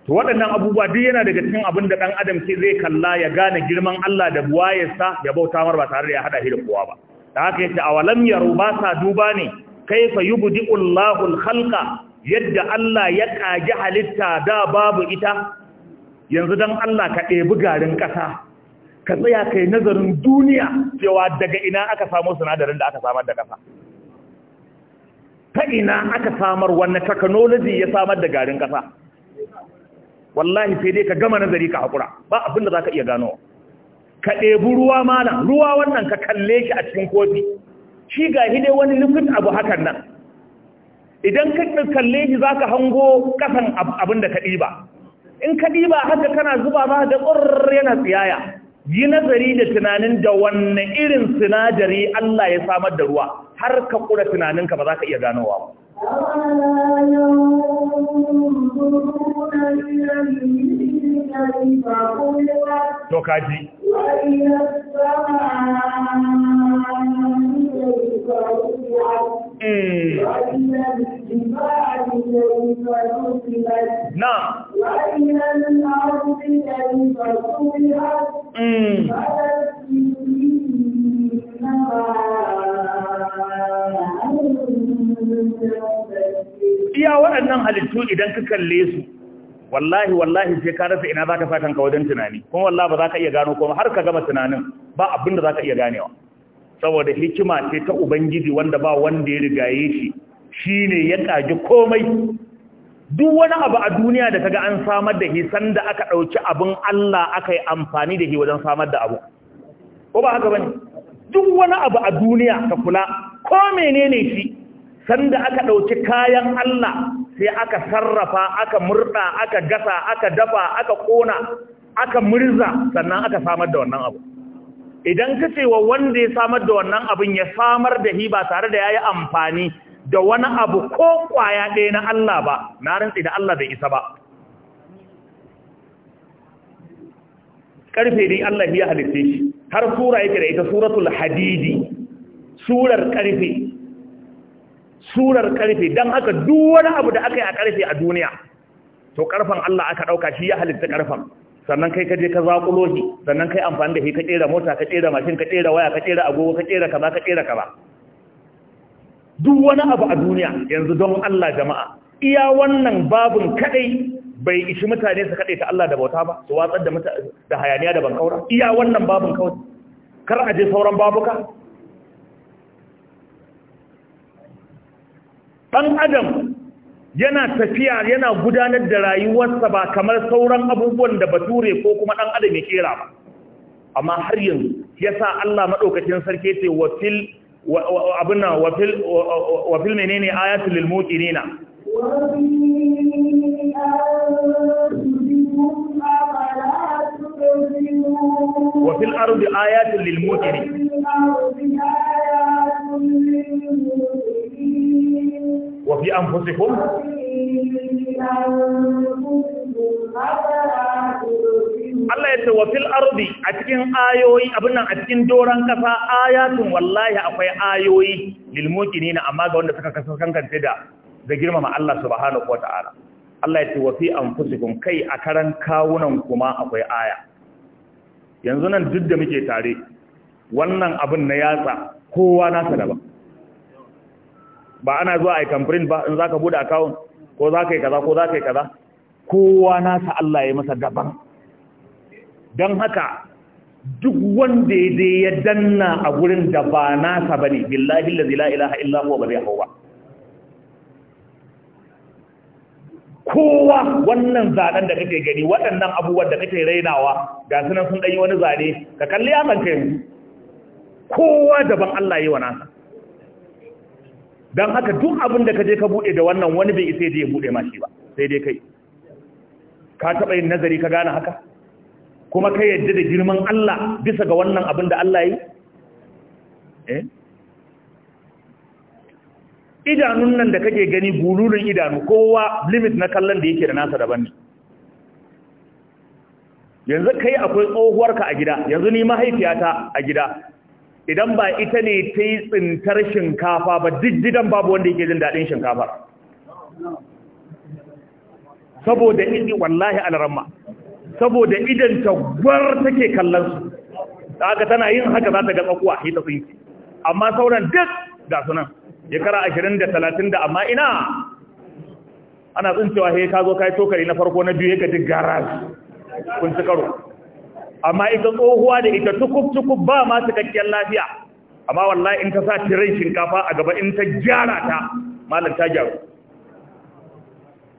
[SPEAKER 1] to waɗannan abubuwa duk yana daga cikin abin da ɗan adam ke zai kalla ya gane girman Allah da buwayarsa ya bauta mar ba tare da ya haɗa shi da kowa ba da haka yace awalam yaro ba sa duba ne kaifa yubdi'u Allahu al-khalqa yadda Allah ya kaji halitta da babu ita yanzu dan Allah ka ɗebi garin ƙasa ka tsaya kai nazarin duniya cewa daga ina aka samu sinadarin da aka samar da ƙasa ta ina aka samar wanne technology ya samar da garin kasa wallahi sai dai ka gama nazari ka hakura ba abinda za ka iya gano ka ɗebi ruwa malam ruwa wannan ka kalle shi a cikin kofi shi ga hide wani liquid abu hakan nan idan ka kalle shi za ka hango kasan abinda da ka ɗiba in ka ɗiba haka kana zuba ba da ƙurr yana tsiyaya yi nazari da tunanin da wanne irin sinadari Allah ya samar da ruwa har ka kura tunaninka ba za ka iya ganowa
[SPEAKER 2] ba to kaji نعم
[SPEAKER 1] waɗannan halittu idan ka kalle su, wallahi wallahi sai ka rasa ina za ka fatan ka wajen tunani, kuma wallahi ba za ka iya gano kuma har ka gama tunanin ba abinda za ka iya ganewa. saboda hikima ce ta ubangiji wanda ba wanda ya rigaye shi shine ya kaji komai duk wani abu a duniya da kaga an samar da shi sanda aka dauki abin Allah aka yi amfani da shi wajen samar da abu ko ba haka bane duk wani abu a duniya ka kula ko menene shi sanda aka ɗauki kayan Allah sai aka sarrafa aka murda aka gasa aka dafa aka ƙona, aka murza sannan aka samar da wannan abu idan ka ce wa wanda ya samar da wannan abin ya samar da hi ba tare da ya yi amfani da wani abu ko kwaya ɗaya na Allah ba na rantsi da Allah bai isa ba karfe ne Allah ya halitta shi har sura yake da ita suratul hadidi surar karfe surar karfe don haka duk wani abu da aka yi a karfe a duniya to karfan Allah aka ɗauka shi ya halitta karfan sannan kai ka je ka zakulo shi sannan kai amfani da shi ka tsere mota ka tsere mashin ka tsere waya ka tsere agogo ka tsere kaza ka tsere kaza duk wani abu a duniya yanzu don Allah jama'a iya wannan babun kadai bai ishi mutane su kadai ta Allah da bauta ba su watsar da hayaniya da bankaura iya wannan babun kawai kar a je sauran babuka dan adam yana tafiya yana gudanar da rayuwarsa ba kamar sauran abubuwan da bature ko kuma ɗan adam ya kera ba amma har yanzu ya Allah maɗaukacin sarki ce wa fil abinna wa fil menene ayatu lil muqinina wa fil ardi ayatu lil wa fi anfusikum Allah ya ce wa fil ardi a cikin ayoyi abin a cikin doran kasa ayatun wallahi akwai ayoyi lil muqinina amma ga wanda suka kankance da da girmama Allah subhanahu wataala Allah ya ce wa fi anfusikum kai a karan kawunan kuma akwai aya yanzu nan duk da muke tare wannan abin na yatsa kowa nasa daban ba ana zuwa ai kamfrin ba in zaka bude account ko zaka yi kaza ko zaka yi kaza kowa nasa Allah ya yi masa daban don haka duk wanda ya dai ya danna a gurin da ba nasa bane billahi allazi la ilaha illa huwa ba zai hau ba kowa wannan zanen da kake gani waɗannan abubuwan da kake rainawa ga sunan sun ɗanyi wani zane ka kalli yamanka yanzu kowa daban Allah ya yi wa nasa don haka duk abin da ka je ka buɗe da wannan wani bai isa ya buɗe mashi ba sai dai kai ka taɓa yin nazari ka gane haka kuma ka yadda da girman Allah bisa ga wannan abin da Allah yi eh? idanun nan da kake gani bululun idanu kowa limit na kallon da yake da nasa daban ne yanzu kai akwai tsohuwarka a gida yanzu ni mahaifiyata a gida idan ba ita ne ta yi tsintar shinkafa ba duk didan babu wanda yake jin daɗin shinkafar saboda idi wallahi alramma saboda idan ta take kallon su da aka tana yin haka za ta ga tsakuwa hita sun amma sauran duk ga sunan shekara ashirin da talatin da amma ina ana tsincewa he ka zo kai tokari na farko na biyu ya ga duk garaji
[SPEAKER 3] kun ci karo
[SPEAKER 1] amma ita tsohuwa da ita tukub-tukub ba ma cikakken lafiya amma wallahi in ka sa tirin shinkafa a gaba in ta gyara ta malam ta gyaru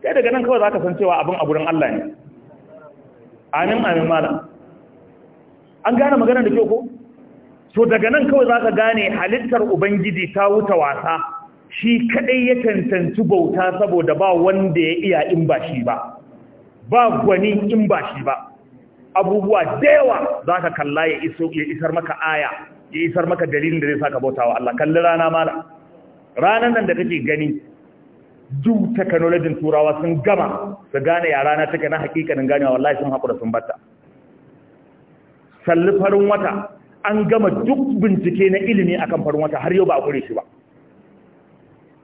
[SPEAKER 1] kai daga nan kawai za ka san cewa abin a gurin Allah ne amin amin malam an gane magana da kyau ko so daga nan kawai za ka gane halittar ubangiji ta wuta wasa shi kadai ya cancanci bauta saboda ba wanda ya iya in ba shi ba ba gwani in ba shi ba abubuwa da za ka kalla ya isar maka aya ya isar maka dalilin da zai saka bauta wa Allah kalli rana mala ranan nan da kake gani duk technologyin turawa sun gama su gane ya rana take na hakikanin ganewa wallahi sun haƙura sun batta salli farin wata an gama duk bincike na ilimi akan farin wata har yau ba kure shi ba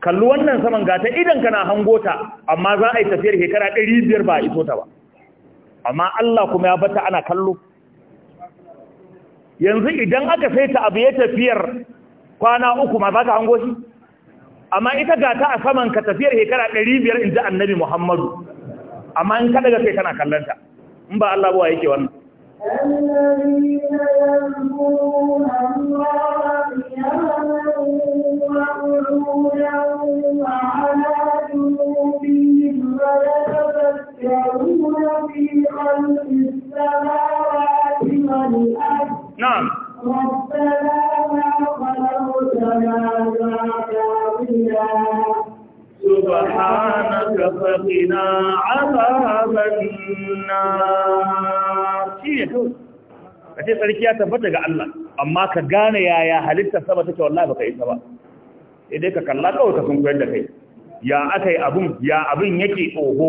[SPEAKER 1] kalli wannan saman gata idan kana hango ta amma za a yi tafiyar shekara biyar ba a iso ta ba amma Allah kuma ya bata ana kallo yanzu idan aka saita abu ya tafiyar kwana uku ma za ka hango shi amma ita ga ta a saman ka tafiyar shekara 500 in ji annabi Muhammadu amma in ka daga sai kana kallanta in ba Allah ba yake wannan
[SPEAKER 2] Allah ya yi wa يفترون في خلق السماوات نعم سبحانك فقنا عذاب النار shine kawai
[SPEAKER 1] kace sarki ya tabbata ga Allah amma ka gane yaya halitta saba take wallahi baka yi saba sai ka kalla kawai ka sunkuyar da kai ya akai ya yake oho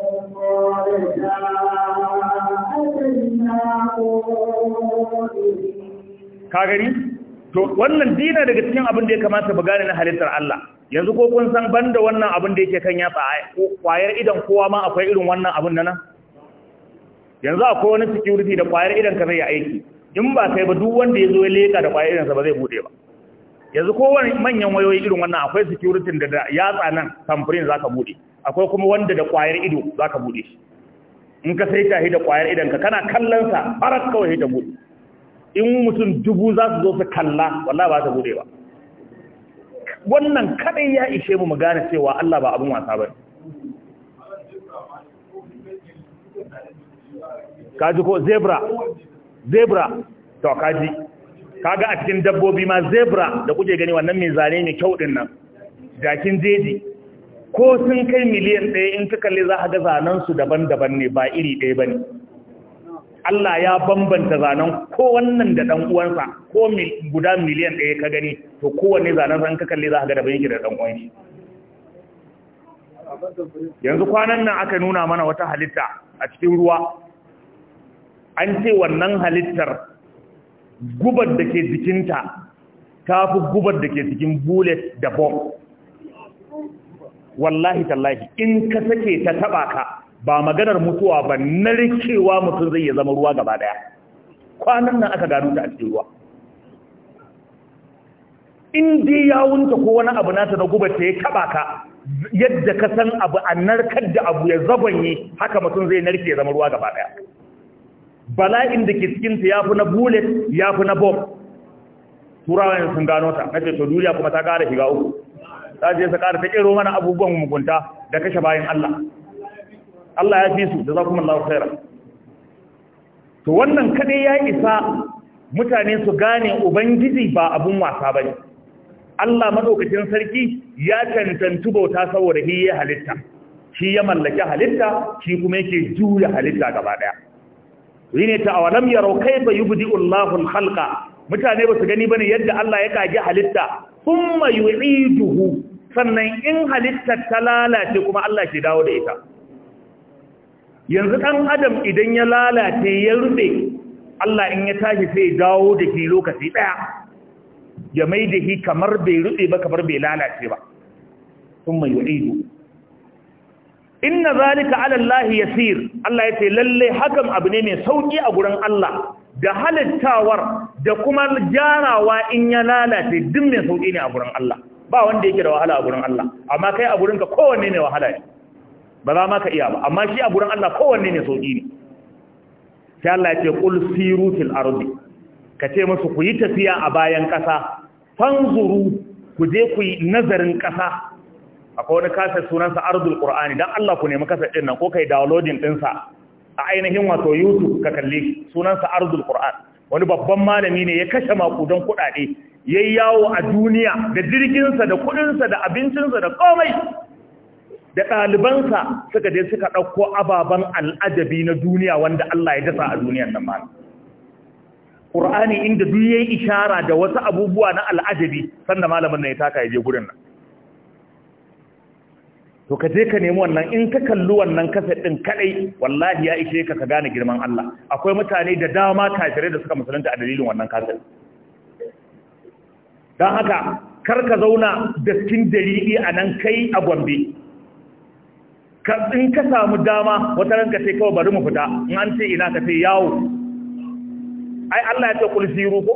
[SPEAKER 1] ka gani to wannan dina daga cikin abin da ya kamata ba gane na halittar Allah yanzu ko kun san banda wannan abin da yake kan yatsa kwayar idan kowa ma akwai irin wannan abin nan yanzu akwai wani security da kwayar idan ka zai aiki in ba kai ba duk wanda ya zo ya leka da kwayar idan sa ba zai bude ba yanzu ko wani manyan wayoyi irin wannan akwai security da yatsa nan tamfirin zaka bude akwai kuma wanda da kwayar ido za ka buɗe shi in ka sai tahi da kwayar ka kana kallon sa farat kawai ta buɗe in mutum dubu za su zo su kalla wallah ba ta buɗe ba wannan kadai ya ishe mu mu gane cewa Allah ba abin wasa ba
[SPEAKER 3] kaji ko zebra
[SPEAKER 1] zebra to kaji kaga a cikin dabbobi ma zebra da kuke gani wannan mai zane mai kyau din nan jakin jeji ko sun kai miliyan ɗaya in ka kalli za a ga zanensu daban-daban ne ba iri ɗaya ba ne Allah ya bambanta zanen ko wannan da ɗan uwansa ko guda miliyan ɗaya ka gani to kowanne zanen san ka kalli za a ga daban yake da ɗan
[SPEAKER 3] yanzu kwanan nan aka
[SPEAKER 1] nuna mana wata halitta a cikin ruwa an ce wannan halittar gubar da ke jikinta ta fi gubar da ke cikin bullet da bomb wallahi tallahi in ka sake ta taba ka ba maganar mutuwa ba narkewa mutum zai ya zama ruwa gaba daya kwanan nan aka gano ta a ruwa in dai ya wunta ko wani abu nata na guba ta ya taba ka yadda ka san abu a narkar da abu ya zabanye haka mutum zai narke ya zama ruwa gaba daya bala'in da ke cikin ya fi na bullet ya na bomb turawa sun gano ta na ce to duniya kuma ta kara shiga uku za je su ƙara ta ƙero mana abubuwan mugunta da kashe bayan Allah Allah ya fi su da za kuma Allah to wannan kadai ya isa mutane su gane ubangiji ba abun wasa ne. Allah madaukakin sarki ya cancantu bauta saboda shi ya halitta shi ya mallaki halitta shi kuma yake juya halitta gaba daya ne ta awalam yarau kaifa yi Allahu al halka, mutane ba su gani ne yadda Allah ya kage halitta thumma duhu. sannan in halittar ta lalace kuma Allah ke dawo da ita yanzu ɗan adam idan ya lalace ya rube Allah in ya tashi sai dawo da ke lokaci ɗaya ya mai da shi kamar bai rube ba kamar bai lalace ba sun mai wa'idu inna zalika ala Allah yasir Allah yace lalle hakan abu ne mai sauki a gurin Allah da halittawar da kuma jarawa in ya lalace duk mai sauki ne a gurin Allah ba wanda yake da wahala a gurin Allah amma kai a gurin ka kowanne ne wahala ne ba za ma ka iya ba amma shi a gurin Allah kowanne ne sauki ne sai Allah ya ce qul siru fil ardi ka ce musu ku yi tafiya a bayan ƙasa fanzuru ku je ku yi nazarin kasa akwai wani kaset sunansa ardul qur'ani dan Allah ku nemi kasa din nan ko kai downloading din sa a ainihin wato YouTube ka kalle sunansa ardul qur'an wani babban malami ne ya kashe makudan kuɗaɗe ya yawo a duniya da jirginsa da kudinsa da abincinsa da komai da ɗalibansa suka je suka ɗauko ababen al'ajabi na duniya wanda Allah ya dasa a duniyar nan ma. Ƙur'ani inda duk ya yi ishara da wasu abubuwa na al'ajabi da malamin na ya taka ya je gurin nan. To ka je ka nemi wannan in ka kalli wannan kasa ɗin kaɗai wallahi ya ishe ka ka gane girman Allah. Akwai mutane da dama kafirai da suka musulunta a dalilin wannan kaset. don haka kar ka zauna da cikin dalili a nan kai a gombe in ka samu dama wata ranka sai kawai bari mu fita in an ce ina ka sai yawo ai Allah ya ce kul siru ko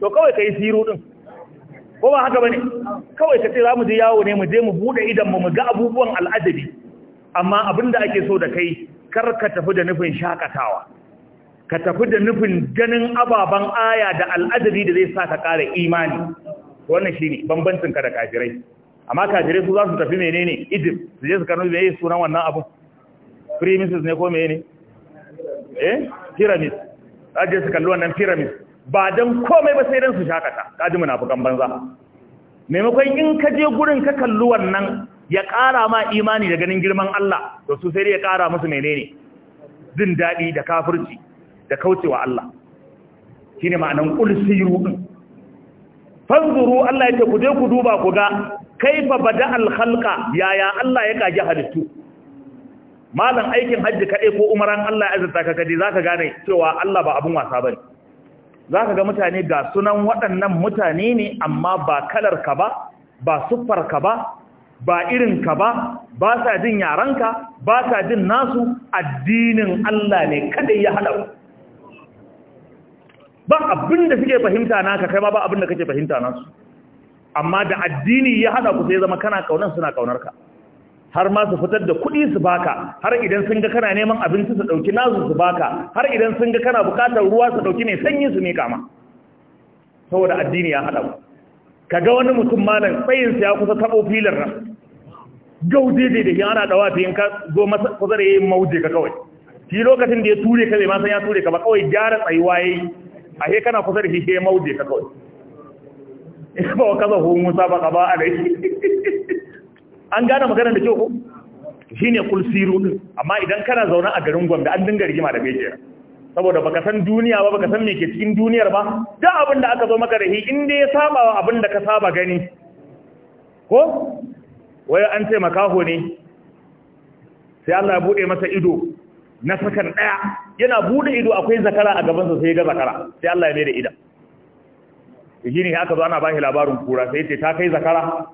[SPEAKER 1] to kawai ka yi siru din ko ba haka bane kawai ka ce za mu je yawo ne mu je mu bude idan mu ga abubuwan al'ajabi amma abinda ake so da kai kar ka tafi da nufin shakatawa ka tafi da nufin ganin ababen aya da al'ajabi da zai sa ka ƙara imani wannan ne bambancin ka da kafirai amma kafirai su za su tafi menene Egypt su je su karbi meye sunan wannan abu premises ne ko menene eh pyramid za je su kalli wannan pyramid ba dan komai ba sai dan su shakata kaji munafukan banza maimakon in ka je gurin ka kalli wannan ya ƙara ma imani da ganin girman Allah da su sai ya ƙara musu menene jin daɗi da kafirci da kaucewa Allah shine ma'anan qul siru fanzuru Allah ya ce ku je ku duba ku ga kaifa bada alhalka yaya Allah ya kaji halittu malam aikin hajji kaɗai ko umaran Allah ya azurta ka kaji za gane cewa Allah ba abin wasa ba ne za ga mutane ga sunan waɗannan mutane ne amma ba kalar ka ba ba siffar ka ba ba irin ka ba ba sa jin yaranka ba sa jin nasu addinin Allah ne kaɗai ya haɗa ba abin da suke fahimta naka kai ba abin da kake fahimta nasu amma da addini ya hada ku sai zama kana kaunar suna kaunar ka har ma su fitar da kuɗi su baka har idan sun ga kana neman abinci su ɗauki nasu su baka har idan sun ga kana buƙatar ruwa su ɗauki mai sanyi su mika ma saboda addini ya haɗa ka ga wani mutum malam sa ya kusa tabo filin ran gauje da da yana ɗawa ta ka, zo kusa da yayin mauje ka kawai shi lokacin da ya ture ka bai ma san ya ture ka ba kawai gyara tsayuwa yi a kana kusa da shi maude ka kawai ba wa kaza hungun sa ba ka ba a dai an gane maganar da kyau shi ne kulsiru din amma idan kana zaune a garin gwamda an dinga rigima da bejera saboda baka san duniya ba baka san me ke cikin duniyar ba duk abin da aka zo maka da shi in dai ya saba wa abin da ka saba gani ko wai an ce makaho ne sai Allah ya bude masa ido na sakan ɗaya yana buɗe ido akwai zakara a gabansa sai ga zakara sai Allah ya mai da idan shi ne haka zo ana ba shi labarin kura sai ce ta kai zakara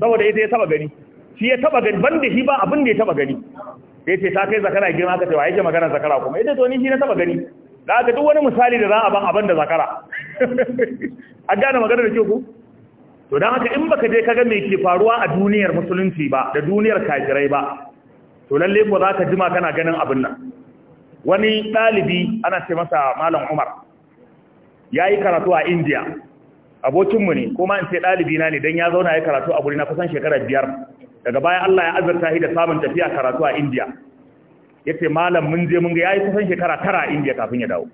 [SPEAKER 1] saboda ita ya taba gani shi ya taba gani ban da shi ba abin da ya taba gani sai ce ta kai zakara girma aka cewa wa yake magana zakara kuma ita to ni shi na taba gani da aka duk wani misali da za a ban abin da zakara a gane magana da ke ku to don haka in baka je kaga me ke faruwa a duniyar musulunci ba da duniyar kafirai ba to lalle ko za ka jima kana ganin abin nan wani ɗalibi ana ce masa malam umar ya yi karatu a india abokinmu ne kuma in ce ɗalibi na ne don ya zauna ya karatu a wuri na kusan shekarar biyar daga baya allah ya azurta shi da samun tafiya karatu a india ya ce malam mun je mun ga ya yi kusan shekara tara a india kafin ya dawo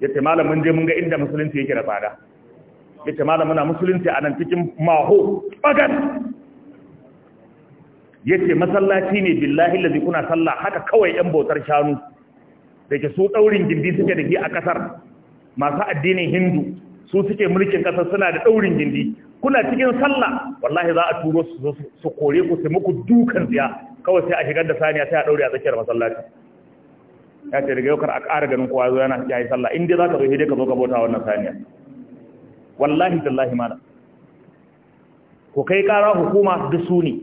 [SPEAKER 1] ya ce malam mun je mun ga inda musulunci yake da tsada ya ce malam muna musulunci a nan cikin maho bagan yace masallaci ne billahi lazi kuna sallah haka kawai yan bautar shanu da ke su daurin gindi suke da shi a kasar masu addinin hindu su suke mulkin kasar suna da daurin gindi kuna cikin sallah wallahi za a turo su kore ku su muku dukan ziya kawai sai a shigar da saniya sai a daure a tsakiyar masallaci ya ce daga yau kar a ƙara ganin kowa zo yana yi sallah inda za ka zo hidai ka zo ka bauta wannan saniya wallahi billahi mana ko kai ƙara hukuma duk su ne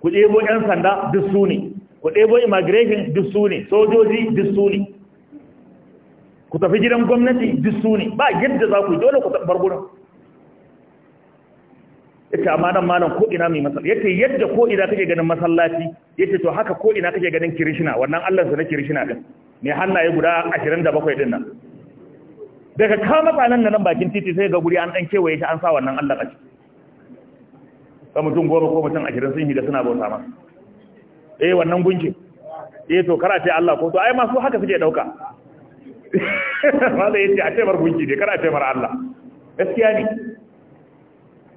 [SPEAKER 1] ku ɗebo 'yan sanda duk su ne ku ɗebo immigration duk su ne sojoji duk su ne ku tafi gidan gwamnati duk su ne ba yadda za ku yi dole ku tabbar gurin ya ce amma nan malam ko ina mai matsala ya ce yadda ko ina kake ganin masallaci ya ce to haka ko ina kake ganin kirishina wannan allansa na kirishina ɗin mai hannaye guda ashirin da bakwai din nan daga kama tsanan nan bakin titi sai ga guri an ɗan kewaye shi an sa wannan allah a ciki ga mutum goma ko mutum ashirin sun hida suna bauta ma. eh wannan gunki? eh to kara ce Allah ko to ai masu haka suke dauka wanda yace a ce bar gunki ne kara ce bar Allah gaskiya ne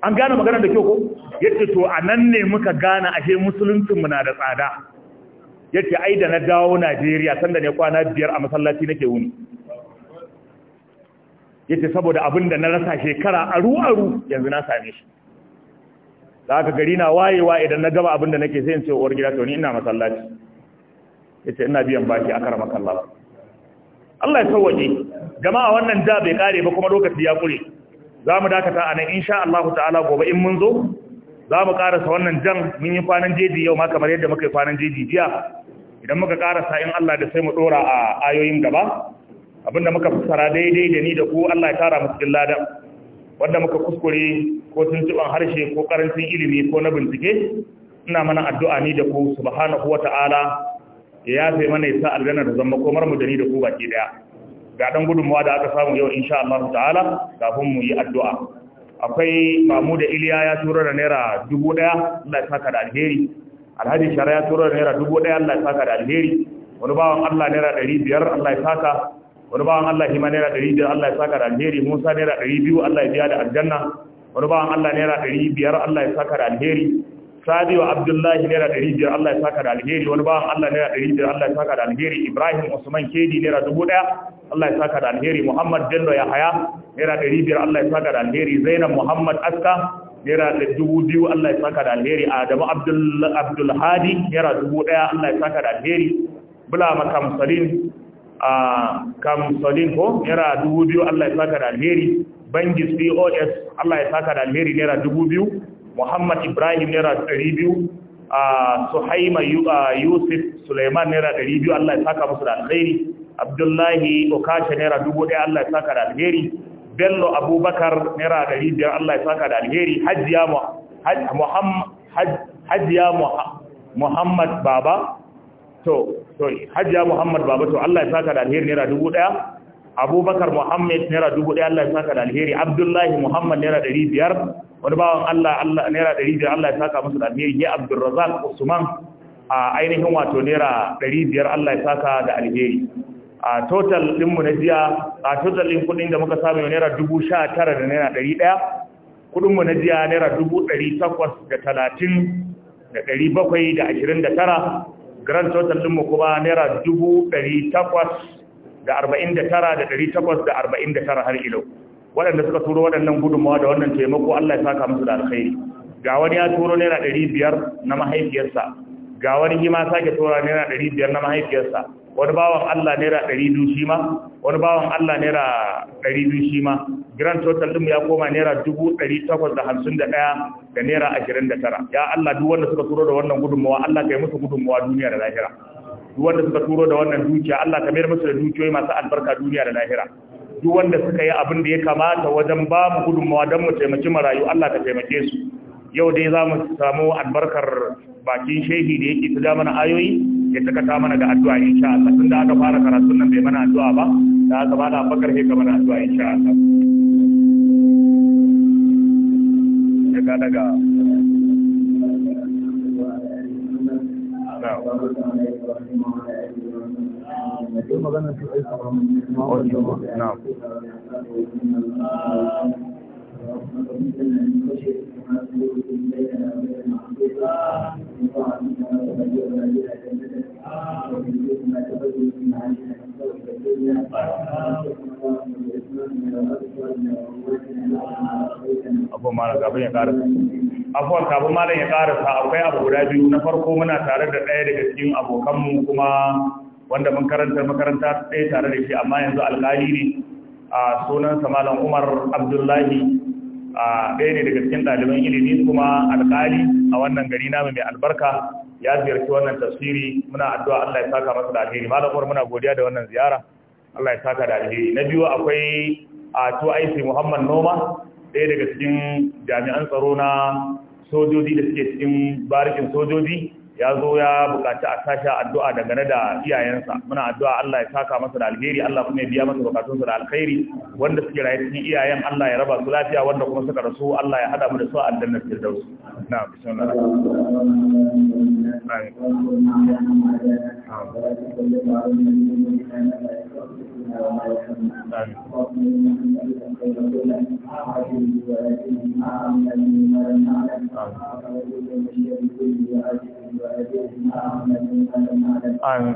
[SPEAKER 1] an gane magana da kyau ko yace to anan ne muka gane ashe musuluncin muna na da tsada yace ai da na dawo Najeriya sanda ne kwana biyar a masallaci nake wuni yace saboda abin da na rasa shekara aru aru yanzu na same shi da aka gari na wayewa idan na gaba abin nake sai in ce uwar gida to ni ina masallaci yace ina biyan baki a karama kallah Allah ya sauwaje jama'a wannan da bai kare ba kuma lokaci ya kure zamu dakata anan insha Allah ta'ala gobe in mun zo zamu karasa wannan jan mun yi kwanan jeji yau ma kamar yadda muka yi kwanan jeji jiya idan muka karasa in Allah da sai mu dora a ayoyin gaba abinda muka fassara daidai da ni da ku Allah ya kara mu cikin ladan wanda muka kuskure ko tuntuban harshe ko karancin ilimi ko na bincike ina mana addu'a ni da ku subhanahu wata'ala ya yafe mana ya sa aljanna da zama ko mu da ni da ku baki daya ga dan gudunmuwa da aka samu yau insha Allah ta'ala kafin mu yi addu'a akwai mamu da Iliya ya tura da naira dubu daya Allah ya saka da alheri Alhaji Shara ya tura da naira dubu daya Allah ya saka da alheri wani bawan Allah naira ɗari biyar Allah ya saka wani bawan Allah shi ma naira ɗari biyar Allah ya saka da alheri Musa naira ɗari biyu Allah ya biya da aljanna wani bawan Allah naira ɗari biyar Allah ya saka da alheri wa Abdullahi naira ɗari biyar Allah ya saka da alheri wani bawan Allah naira ɗari biyar Allah ya saka da alheri Ibrahim Usman Kedi naira dubu ɗaya Allah ya saka da alheri Muhammad Bello ya haya naira ɗari biyar Allah ya saka da alheri Zainab Muhammad Aska naira dubu biyu Allah ya saka da alheri Adamu Abdul Hadi naira dubu ɗaya Allah ya saka da alheri Bula Makamusalin a kamsolin ko naira dubu biyu Allah ya saka da alheri bangis pos Allah ya saka da alheri naira dubu biyu muhammad ibrahim naira ɗari biyu suhaima yusuf suleiman naira ɗari biyu Allah ya saka musu da alheri abdullahi okasha naira dubu ɗaya Allah ya saka da alheri bello abubakar naira ɗari biyar Allah ya saka da alheri hajiya muhammad baba to to hajjia muhammad baba to Allah ya saka da alheri naira dubu daya abubakar muhammad naira dubu daya Allah ya saka da alheri abdullahi muhammad naira dari biyar wani bawan Allah Allah naira dari biyar Allah ya saka musu da alheri ya abdulrazak usman a ainihin wato naira dari biyar Allah ya saka da alheri a total mu na jiya a total din kuɗin da muka samu naira dubu sha tara da naira ɗari ɗaya mu na jiya naira dubu ɗari takwas da talatin da ɗari bakwai da ashirin da tara grand total ɗinmu kuma naira dubu ɗari takwas da arba'in da tara da ɗari takwas da arba'in da tara har ilo waɗanda suka turo waɗannan gudunmawa da wannan taimako allah ya saka musu da alkhairi ga wani ya turo naira ɗari biyar na mahaifiyarsa ga wani shi ma sake tura naira ɗari biyar na mahaifiyarsa wani bawan Allah naira ɗari biyu shi ma wani bawan Allah naira ɗari biyu shi ma grand total ɗin ya koma naira dubu ɗari takwas da hamsin da ɗaya da naira ashirin da tara ya Allah duk wanda suka turo da wannan gudunmawa Allah ka yi musu gudunmawa duniya da lahira duk wanda suka turo da wannan dukiya Allah ka mayar musu da dukiyoyi masu albarka duniya da lahira duk wanda suka yi abin da ya kamata wajen ba mu gudunmawa don mu taimaki marayu Allah ka taimake su yau dai za mu samu albarkar bakin shehi da yake tuga mana ayoyi ya takata mana da addu'a insha Allah tun da aka fara karatun nan bai mana addu'a ba da aka bada bakar he ka mana addu'a
[SPEAKER 3] insha Allah ya ga daga Na'am. abubuwan
[SPEAKER 1] malam ya karasa akwai abu guda biyu na farko muna tare da ɗaya daga cikin abokanmu kuma wanda mun karanta makaranta ɗaya tare da shi amma yanzu alƙali ne a sunan malam umar abdullahi a ɗaya ne daga cikin ɗaliban ilimi kuma alƙali a wannan gari namu mai albarka ya ziyarci wannan tafsiri muna addu'a Allah ya saka masa da alheri malam Umar muna godiya da wannan ziyara Allah ya saka da alheri na biyu akwai a to aisi Muhammad Noma ɗaya daga cikin jami'an tsaro na sojoji da suke cikin barikin sojoji ya zo ya bukaci a tashi addu'a dangane da iyayensa muna addu'a Allah ya saka masa da alheri Allah kuma ya biya masa bukatunsa da alkhairi wanda suke raye cikin iyayen Allah ya raba su lafiya wanda kuma suka rasu Allah ya hada mu da su a aljannar firdaus
[SPEAKER 3] na bismillah Thank you. آمين آمين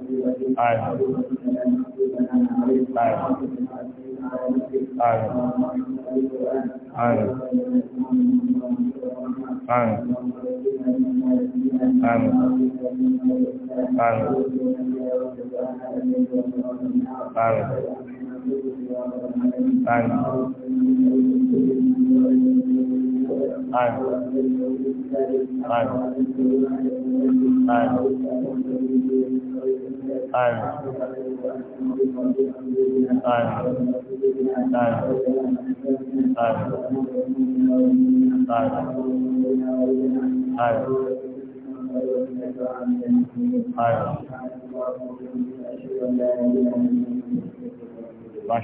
[SPEAKER 3] آمين آمين آمين آمين آمين آمين آمين آمين آمين آمين آمين آمين آمين آمين آمين آمين آمين آمين آمين